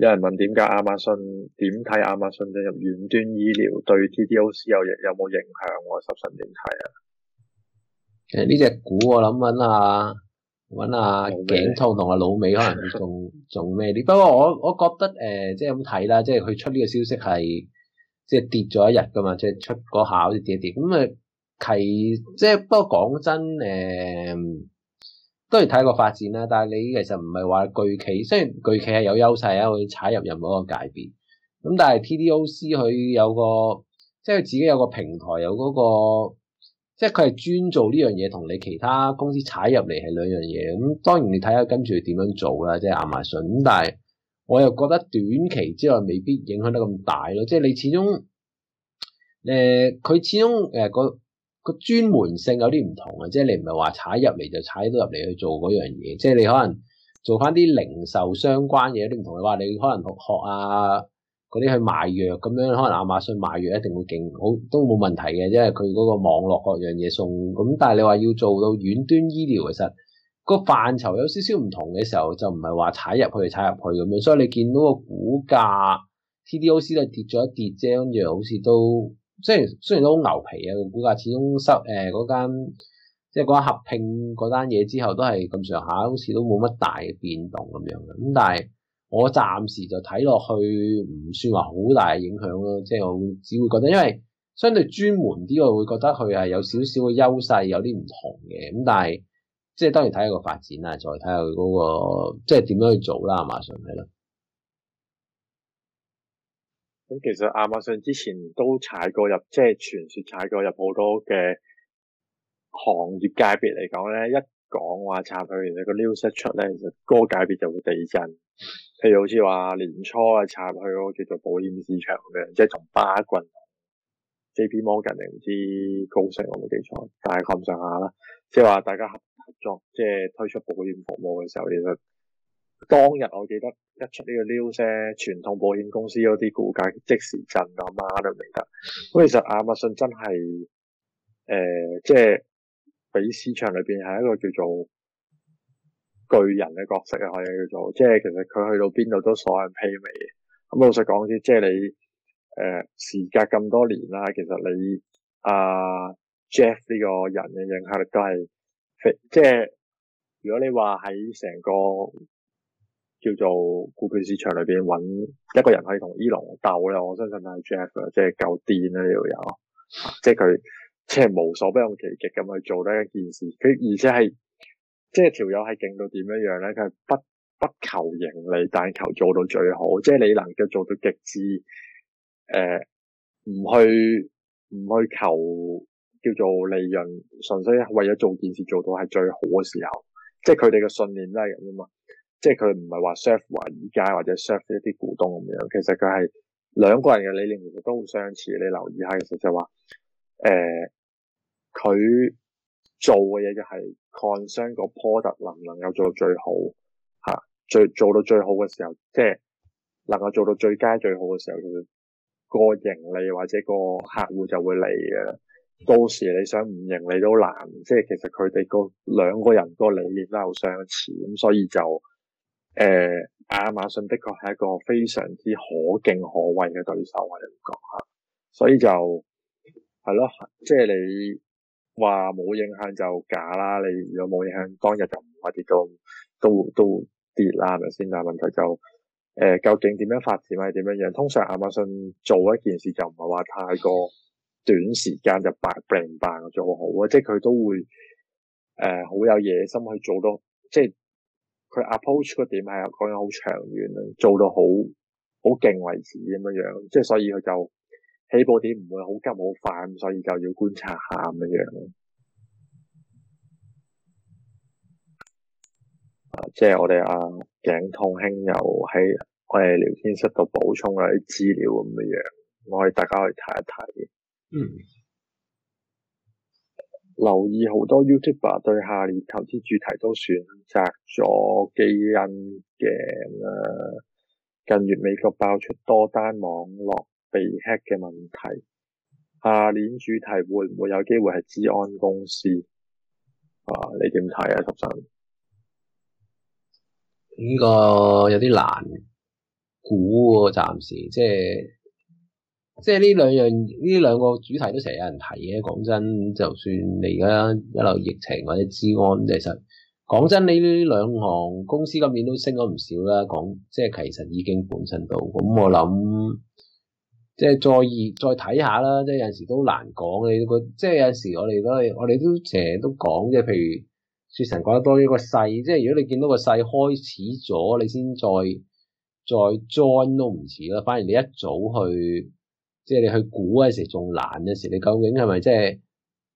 有人問點解亞馬遜，點睇亞馬遜進入遠端醫療對 T D O C 有冇影響？我十分點睇啊！誒呢隻股我諗緊啊～揾下頸痛同阿老尾可能仲仲咩啲， [LAUGHS] 不過我我覺得誒，即係咁睇啦，即係佢出呢個消息係即係跌咗一日㗎嘛，即係出嗰下好似跌一跌。咁啊契即係不過講真誒、嗯，都係睇個發展啦。但係你其實唔係話巨企，雖然巨企係有優勢啊，佢踩入任何一個界別，咁但係 T D O C 佢有個即係佢自己有個平台，有嗰個。即係佢係專做呢樣嘢，同你其他公司踩入嚟係兩樣嘢。咁當然你睇下跟住點樣做啦，即係亞馬遜。咁但係我又覺得短期之外未必影響得咁大咯。即係你始終誒佢、呃、始終誒個個專門性有啲唔同啊。即係你唔係話踩入嚟就踩到入嚟去做嗰樣嘢。即係你可能做翻啲零售相關嘢都唔同。你話你可能學學啊。嗰啲去賣藥咁樣，可能亞馬遜賣藥一定會勁，好都冇問題嘅，因為佢嗰個網絡各樣嘢送。咁但係你話要做到遠端醫療，其實個範疇有少少唔同嘅時候，就唔係話踩入去就踩入去咁樣。所以你見到個股價 TDOC 都跌咗一跌啫，跟住好似都雖然雖然都好牛皮啊，個股價始終收誒嗰間即係講合併嗰單嘢之後，都係咁上下，好似都冇乜大嘅變動咁樣嘅。咁但係。我暫時就睇落去唔算話好大嘅影響咯，即係我只會覺得，因為相對專門啲，我會覺得佢係有少少嘅優勢，有啲唔同嘅。咁但係即係當然睇下個發展啦，再睇下佢嗰個即係點樣去做啦。亞馬遜係咯，咁其實亞馬遜之前都踩過入，即係傳說踩過入好多嘅行業界別嚟講咧，一講話插佢，其實個 news 出咧，其實嗰個界別就會地震。譬如好似話年初啊插入去嗰個叫做保險市場嘅，即係從巴郡 J.P.Morgan 定唔知高盛，我冇記錯，但係看上下啦。即係話大家合合作，即係推出保險服務嘅時候，其實當日我記得一出呢個 news，傳統保險公司嗰啲股價即時震到媽都唔得。咁其實亞馬遜真係誒、呃，即係畀市場裏邊係一個叫做。巨人嘅角色啊，可以叫做，即係其實佢去到邊度都所人披靡。咁老實講先，即係你誒、呃，時隔咁多年啦，其實你阿、呃、Jeff 呢個人嘅影響力都係，即係如果你話喺成個叫做股票市場裏邊揾一個人去同伊朗 o n 鬥咧，我相信係 Jeff 啊、這個，即係夠癲呢要有，即係佢即係無所不用其極咁去做呢一件事，佢而且係。即係條友係勁到點樣樣咧？佢係不不求盈利，但求，求做到最好。即係你能夠做到極致，誒、呃，唔去唔去求叫做利潤，純粹為咗做件事做到係最好嘅時候。即係佢哋嘅信念都係咁噶嘛？即係佢唔係話 serve 華爾街或者 serve 一啲股東咁樣。其實佢係兩個人嘅理念其實都好相似。你留意下其實就話、是，誒、呃，佢。做嘅嘢就係 concern 個 product 能唔能夠做到最好嚇，最、啊、做，做到最好嘅時候，即係能夠做到最佳最好嘅時候，就是、個盈利或者個客戶就會嚟嘅。到時你想唔盈利都難。即係其實佢哋個兩個人個理念都好相似，咁所以就誒呃、亞馬遜的確係一個非常之可敬可畏嘅對手，我哋會講嚇。所以就係咯，即係你。話冇影響就假啦，你如果冇影響，當日就唔會跌到都都跌啦，係咪先？但係問題就誒、呃，究竟點樣發展係點樣樣？通常亞馬遜做一件事就唔係話太過短時間就百病百做好啊，即係佢都會誒好、呃、有野心去做到，即係佢 approach 個點係講嘢好長遠，做到好好勁為止咁樣樣，即係所以佢就。起步點唔會好急好快，所以就要觀察一下咁樣樣，啊。即係我哋阿頸痛兄又喺我哋聊天室度補充下啲資料咁樣樣，我哋大家可以睇一睇。嗯，留意好多 YouTuber 對下列投資主題都選擇咗基因嘅。咁啊，近月美國爆出多單網絡。被 hack 嘅問題，下年主題會唔會有機會係資安公司啊？你點睇啊？十三呢個有啲難估喎，暫時即係即係呢兩樣呢兩個主題都成日有人提嘅。講真，就算你而家一路疫情或者資安，即係實講真，你呢兩行公司今年都升咗唔少啦。講即係其實已經本身到咁，我諗。即係再再睇下啦，即係有陣時都難講嘅。即係有陣時我哋都係，我哋都成日都講，即係譬如雪神講得多呢個勢。即係如果你見到個勢開始咗，你先再再 join 都唔遲啦。反而你一早去，即係你去估嗰時仲難有時。你究竟係咪、即係、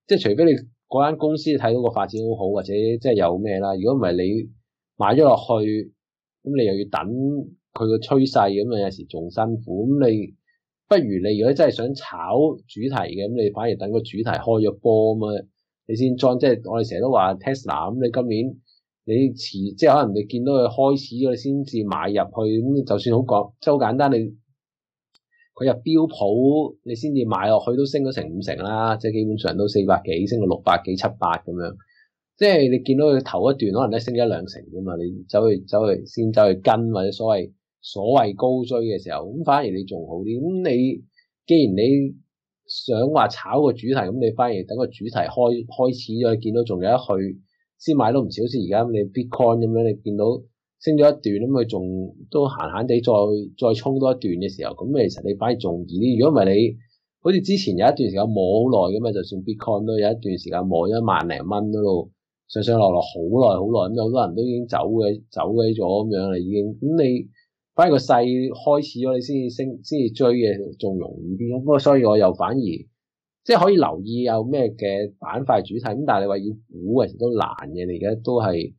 即係即係？除非你嗰間公司睇到個發展好好，或者即係有咩啦。如果唔係你買咗落去，咁你又要等佢個趨勢，咁啊有時仲辛苦。咁你。不如你如果真係想炒主題嘅，咁你反而等個主題開咗波啊嘛，你先裝。即係我哋成日都話 Tesla，咁你今年你遲，即係可能你見到佢開始咗，你先至買入去。咁就算好講，即係好簡單，你佢入標普，你先至買落去都升咗成五成啦，即係基本上都四百幾升到六百幾、七百咁樣。即係你見到佢頭一段可能都升咗一兩成咁嘛，你走去走去先走去跟或者所謂。所謂高追嘅時候，咁反而你仲好啲。咁你既然你想話炒個主題，咁你反而等個主題開開始咗你見到仲有得去，先買都唔少。好似而家你 Bitcoin 咁樣，你見到升咗一段咁，佢仲都閒閒地再再衝多一段嘅時候，咁其實你反而仲易啲。如果唔係你，好似之前有一段時間摸好耐咁嘛，就算 Bitcoin 都有一段時間摸一萬零蚊嗰度上上落落好耐好耐，咁好多人都已經走嘅走嘅咗咁樣啦，已經咁你。反而個勢開始咗，你先至升，先至追嘅，仲容易啲。咁不過所以，我又反而即係可以留意有咩嘅板塊主題。咁但係你話要估，其實都難嘅。你而家都係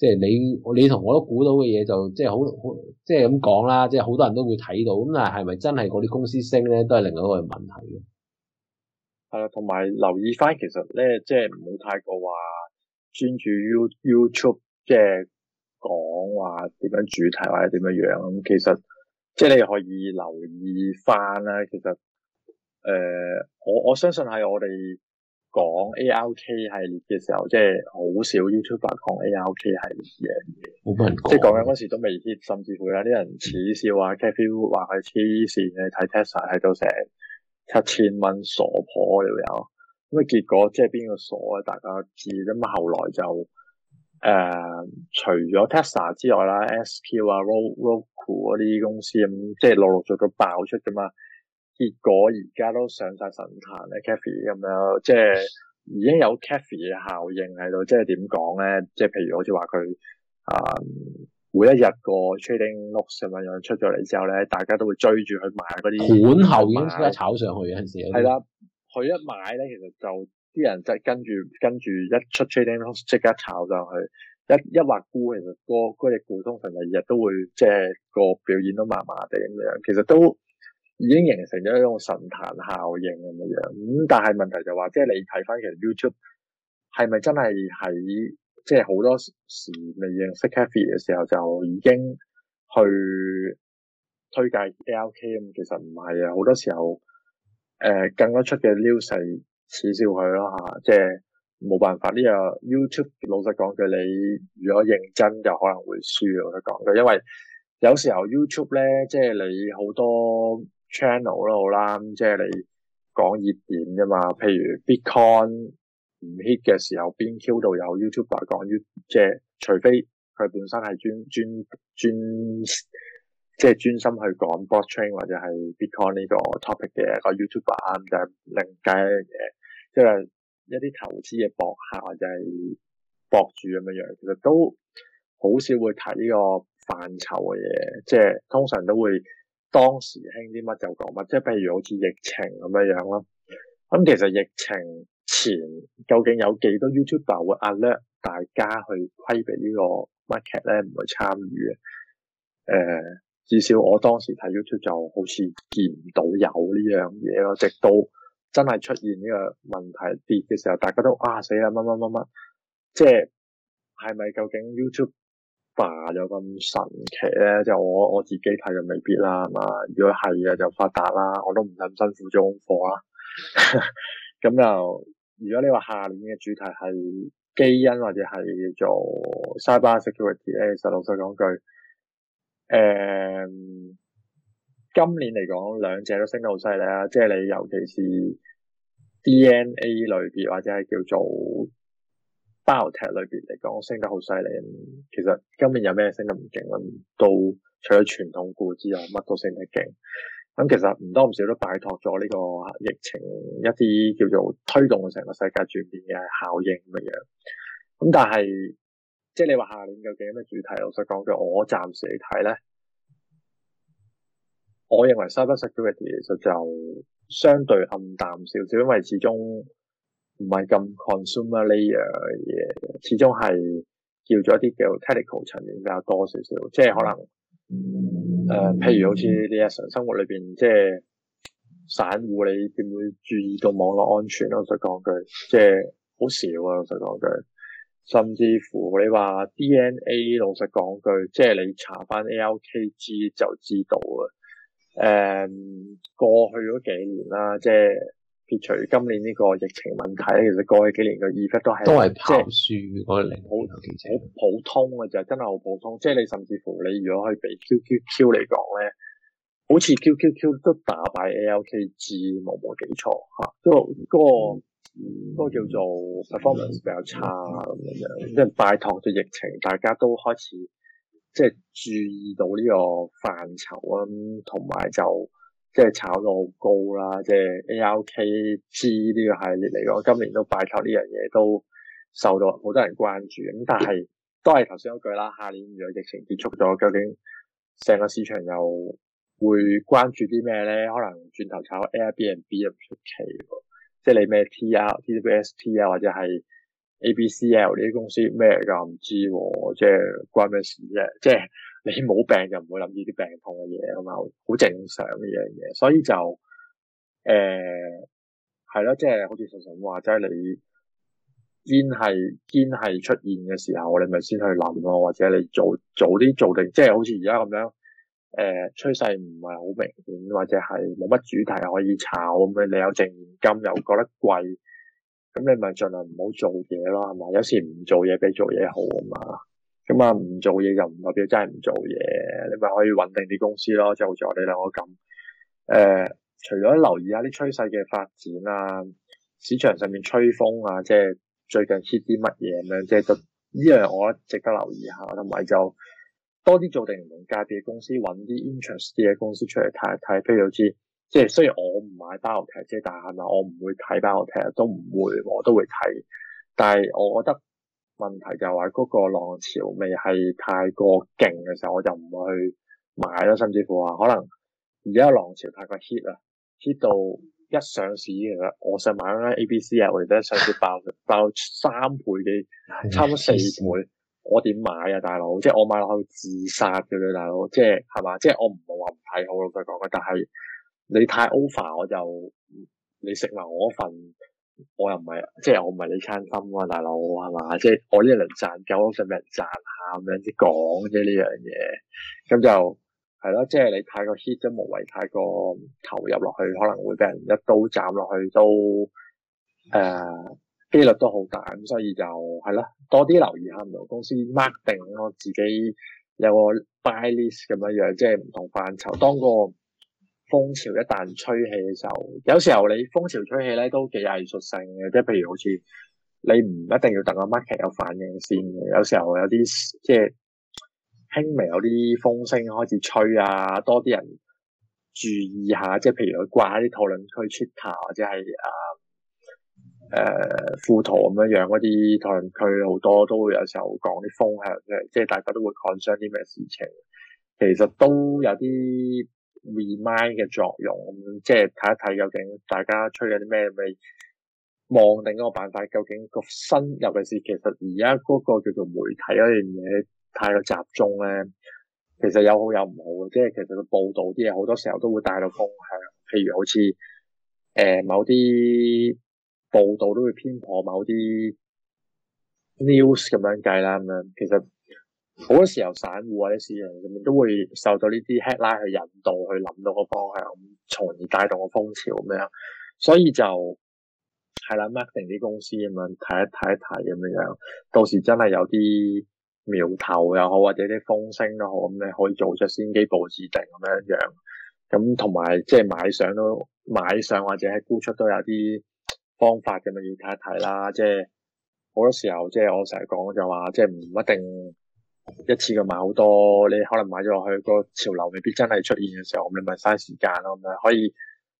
即係你你同我都估到嘅嘢，就即係好好即係咁講啦。即係好多人都會睇到。咁但係係咪真係嗰啲公司升咧，都係另外一個問題嘅。係啦、啊，同埋留意翻，其實咧即係唔好太過話專注 you, YouTube 即係。講話點樣主題或者點樣樣咁，其實即係你可以留意翻啦。其實誒、呃，我我相信係我哋講 A R K 系列嘅時候，即係好少 YouTube 講 A R K 系列嘅，冇人、oh、my 即係講緊嗰時都未 hit，甚至乎有啲人恥笑啊、mm hmm. Cathy Wood 話佢黐線嘅睇 Tesla 睇到成七千蚊傻婆又有，咁啊結果即係邊個傻啊？大家知咁啊，後來就。誒，uh, 除咗 Tesla 之外啦，SQ 啊、Roku 嗰啲公司咁、嗯，即係陸陸續續爆出噶嘛，結果而家都上晒神壇咧。Cathy 咁樣，即係已經有 Cathy 嘅效應喺度，即係點講咧？即係譬如好似話佢誒，每一日個 trading look 咁樣樣出咗嚟之後咧，大家都會追住去買嗰啲盤後已經即刻炒上去嗰陣時，係啦，佢一買咧，其實就。啲人就跟住跟住一出 trading 即刻炒上去，一一畫估其實、那個嗰啲股通常第二日都會即係、就是、個表演都麻麻地咁樣，其實都已經形成咗一種神壇效應咁樣。咁、嗯、但係問題就話、是就是，即係你睇翻其實 YouTube 係咪真係喺即係好多時未認識 Cathie 嘅時候就已經去推介 ARK 咁？其實唔係啊，好多時候誒、呃、更加出嘅 news 係。少少佢咯嚇，即係冇辦法呢、這個 YouTube。老實講句，你如果認真就可能會輸。我講句，因為有時候 YouTube 咧，即係你好多 channel 都好啦，即係你講熱點㗎嘛。譬如 Bitcoin 唔 hit 嘅時候，邊 Q 度有 YouTuber 講 you？即係除非佢本身係專專專，即係專心去講 Blockchain 或者係 Bitcoin 呢個 topic 嘅個 YouTuber、嗯、就是、另計一樣嘢。即係一啲投資嘅博客或者係博主咁樣樣，其實都好少會睇呢個範疇嘅嘢。即係通常都會當時興啲乜就講乜，即係譬如好似疫情咁樣樣咯。咁、嗯、其實疫情前究竟有幾多 YouTuber 會 alert 大家去規避呢個 market 咧，唔會參與嘅？誒、呃，至少我當時睇 YouTube 就好似見唔到有呢樣嘢咯，直到。真係出現呢個問題跌嘅時候，大家都啊死啦乜乜乜乜，即係係咪究竟 YouTuber 有咁神奇咧？就我我自己睇就未必啦，係嘛？如果係啊就發達啦，我都唔使咁辛苦做功課啦、啊。咁 [LAUGHS] 就如果你話下年嘅主題係基因或者係叫做 cybersecurity 咧，其實老實講句誒。今年嚟講，兩隻都升得好犀利啊！即係你尤其是 DNA 類別或者係叫做 bio-tech 類別嚟講，升得好犀利。其實今年有咩升得唔勁咧？都除咗傳統股之外，乜都升得勁。咁其實唔多唔少都拜託咗呢個疫情一啲叫做推動成個世界轉變嘅效應咁樣。咁但係即係你話下年究竟有咩主題？老實講句，我暫時嚟睇咧。我認為 cyber security 其實就相對暗淡少少，因為始終唔係咁 consumer layer 嘅嘢，始終係叫咗一啲叫 technical 層面比較多少少，即係可能誒、嗯呃，譬如好似你日常生活裏邊，嗯、即係散戶你點會注意到網絡安全啊？老實講句，即係好少啊。老實講句，甚至乎你話 DNA，老實講句，即係你查翻 ALKG 就知道啊。誒，um, 過去嗰幾年啦，即係撇除今年呢個疫情問題咧，其實過去幾年嘅 effect 都係都係跑輸，我哋即，好而且好普通嘅就真係好普通，即係你甚至乎你如果可以比 QQQ 嚟講咧，好似 QQQ 都打敗 ALKZ 冇冇記錯吓，都嗰、個嗰、個叫做 performance、嗯、比較差咁、嗯、樣，即係、嗯、拜託咗疫情，大家都開始。即係注意到呢個範疇啊，同埋就即係、就是、炒到好高啦，即、就、係、是、A L K G 呢個系列嚟講，今年都拜託呢樣嘢都受到好多人關注，咁但係都係頭先嗰句啦，下年如果疫情結束咗，究竟成個市場又會關注啲咩咧？可能轉頭炒 Air B and B 又唔出奇，即、就、係、是、你咩 T R T W S T 啊，或者係。A、B、C、L 呢啲公司咩噶？唔知，即係關咩事啫？即係你冇病就唔會諗呢啲病痛嘅嘢啊嘛，好正常呢樣嘢，所以就誒係咯，即係好似常常話齋，你見係見係出現嘅時候，你咪先去諗咯，或者你早早啲做定，即係好似而家咁樣誒趨勢唔係好明顯，或者係冇乜主題可以炒咁樣，你有淨現金又覺得貴。咁你咪盡量唔好做嘢咯，係嘛？有時唔做嘢比做嘢好啊嘛。咁啊，唔做嘢又唔代表真係唔做嘢，你咪可以揾定啲公司咯。就好似我哋兩個咁，誒、呃，除咗留意下啲趨勢嘅發展啊，市場上面吹風啊，即係最近 hit 啲乜嘢咁樣，即係呢樣我覺得值得留意下，同埋就多啲做定唔同界別嘅公司，揾啲 interest 啲嘅公司出嚟睇一睇，譬如好似。即係雖然我唔買包郵車，即係但係唔係我唔會睇包郵車，都唔會，我都會睇。但係我覺得問題就係嗰個浪潮未係太過勁嘅時候，我就唔會去買咯。甚至乎話可能而家浪潮太過 hit 啦 hit 到一上市其實我想買啱 A、B、C 啊，我哋都一上市爆爆三倍嘅，差唔多四倍， [LAUGHS] 我點買啊，大佬？即係我買落去自殺嘅，大佬，即係係嘛？即係我唔係話唔睇好老細講嘅，但係。你太 over 我就你食埋我份，我又唔係，即係我唔係你餐心啊，大佬係嘛？即係我呢一輪賺夠，我想俾人賺下咁樣先講啫呢樣嘢。咁就係咯，即係你太過 hit 都無謂，太過投入落去，可能會俾人一刀斬落去都誒，幾率都好大。咁所以就係咯，多啲留意下，唔同公司 mark 定我自己有個 buy list 咁樣樣，即係唔同範疇當個。風潮一旦吹起嘅時候，有時候你風潮吹起咧都幾藝術性嘅，即係譬如好似你唔一定要等阿 market 有反應先嘅，有時候有啲即係輕微有啲風聲開始吹啊，多啲人注意下，即係譬如有掛喺啲討論區、Twitter 或者係啊誒富、呃、圖咁樣樣嗰啲討論區，好多都會有時候講啲風向嘅，即係大家都會 concern 啲咩事情，其實都有啲 remind 嘅作用，咁即係睇一睇究竟大家吹緊啲咩，咪望定個辦法。究竟個新，尤其是其實而家嗰個叫做媒體嗰樣嘢太過集中咧，其實有好有唔好嘅。即係其實個報道啲嘢好多時候都會帶到風向，譬如好似誒、呃、某啲報道都會偏頗某啲 news 咁樣計啦，咁樣其實。好多時候散戶，散戶或者市場上面都會受到呢啲 headline 去引導，去諗到個方向，咁從而帶動個風潮咁樣。所以就係啦，marketing 啲公司咁樣睇一睇一睇咁樣樣，到時真係有啲苗頭又好，或者啲風聲都好，咁你可以做出先機佈置定咁樣樣。咁同埋即係買上都買上，或者係沽出都有啲方法嘅，咪要睇一睇啦。即係好多時候，即係我成日講就話，即係唔一定。一次過買好多，你可能買咗落去，個潮流未必真係出現嘅時候，咁你咪嘥時間咯。咁樣可以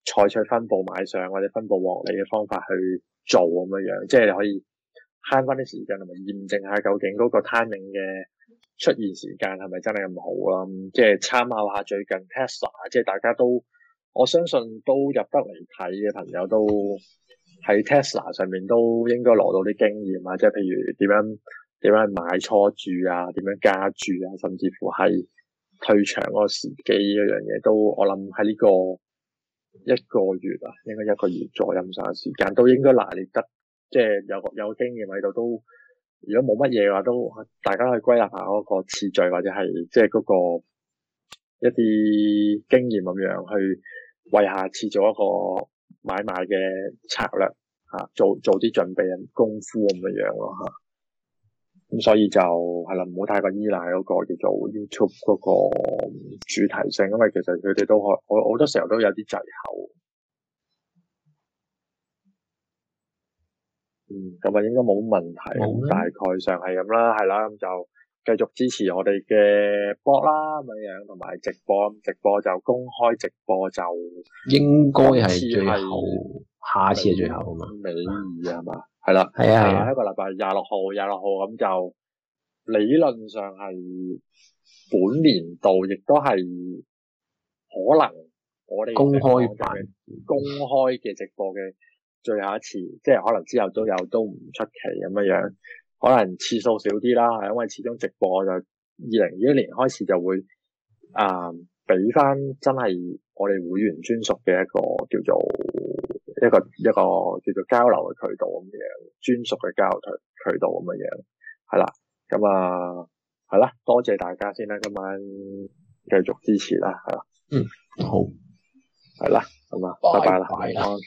採取分布買上或者分布獲利嘅方法去做咁樣樣，即係你可以慳翻啲時間，同埋驗證下究竟嗰個 timing 嘅出現時間係咪真係咁好啦。即係參考下最近 Tesla，即係大家都我相信都入得嚟睇嘅朋友都喺 Tesla 上面都應該攞到啲經驗啊，即係譬如點樣。點樣買初注啊？點樣加注啊？甚至乎係退場嗰個時機嗰樣嘢，都我諗喺呢個一個月啊，應該一個月左右咁上下時間，都應該拿捏得即係有，有個有經驗喺度都，如果冇乜嘢嘅話，都大家去歸納下嗰個次序，或者係即係嗰、嗰個一啲經驗咁樣去為下次做一個買賣嘅策略啊，做做啲準備功夫咁樣樣咯吓。啊咁所以就係啦，唔好太過依賴嗰個叫做 YouTube 嗰個主題性，因為其實佢哋都可，我好多時候都有啲滯後。嗯，咁啊應該冇問題，呢大概上係咁啦，係啦，咁就繼續支持我哋嘅播啦，咁樣同埋直播，直播就公開直播就應該係最後，下次係最後啊嘛，尾二係嘛？係啦，係啊 Yeah.，一個禮拜廿六號，廿六號咁就理論上係本年度，亦都係可能我哋公開公開嘅直播嘅最後一次，即係可能之後都有都唔出奇咁樣樣，可能次數少啲啦，係因為始終直播就二零二一年開始就會啊，俾、呃、翻真係我哋會員專屬嘅一個叫做。一個一個叫做交流嘅渠道咁樣，專屬嘅交流渠道咁樣，係啦，咁啊，係啦，多謝大家先啦，今晚繼續支持啦，係啦，嗯，好，係啦，咁啊，拜拜啦，晚安。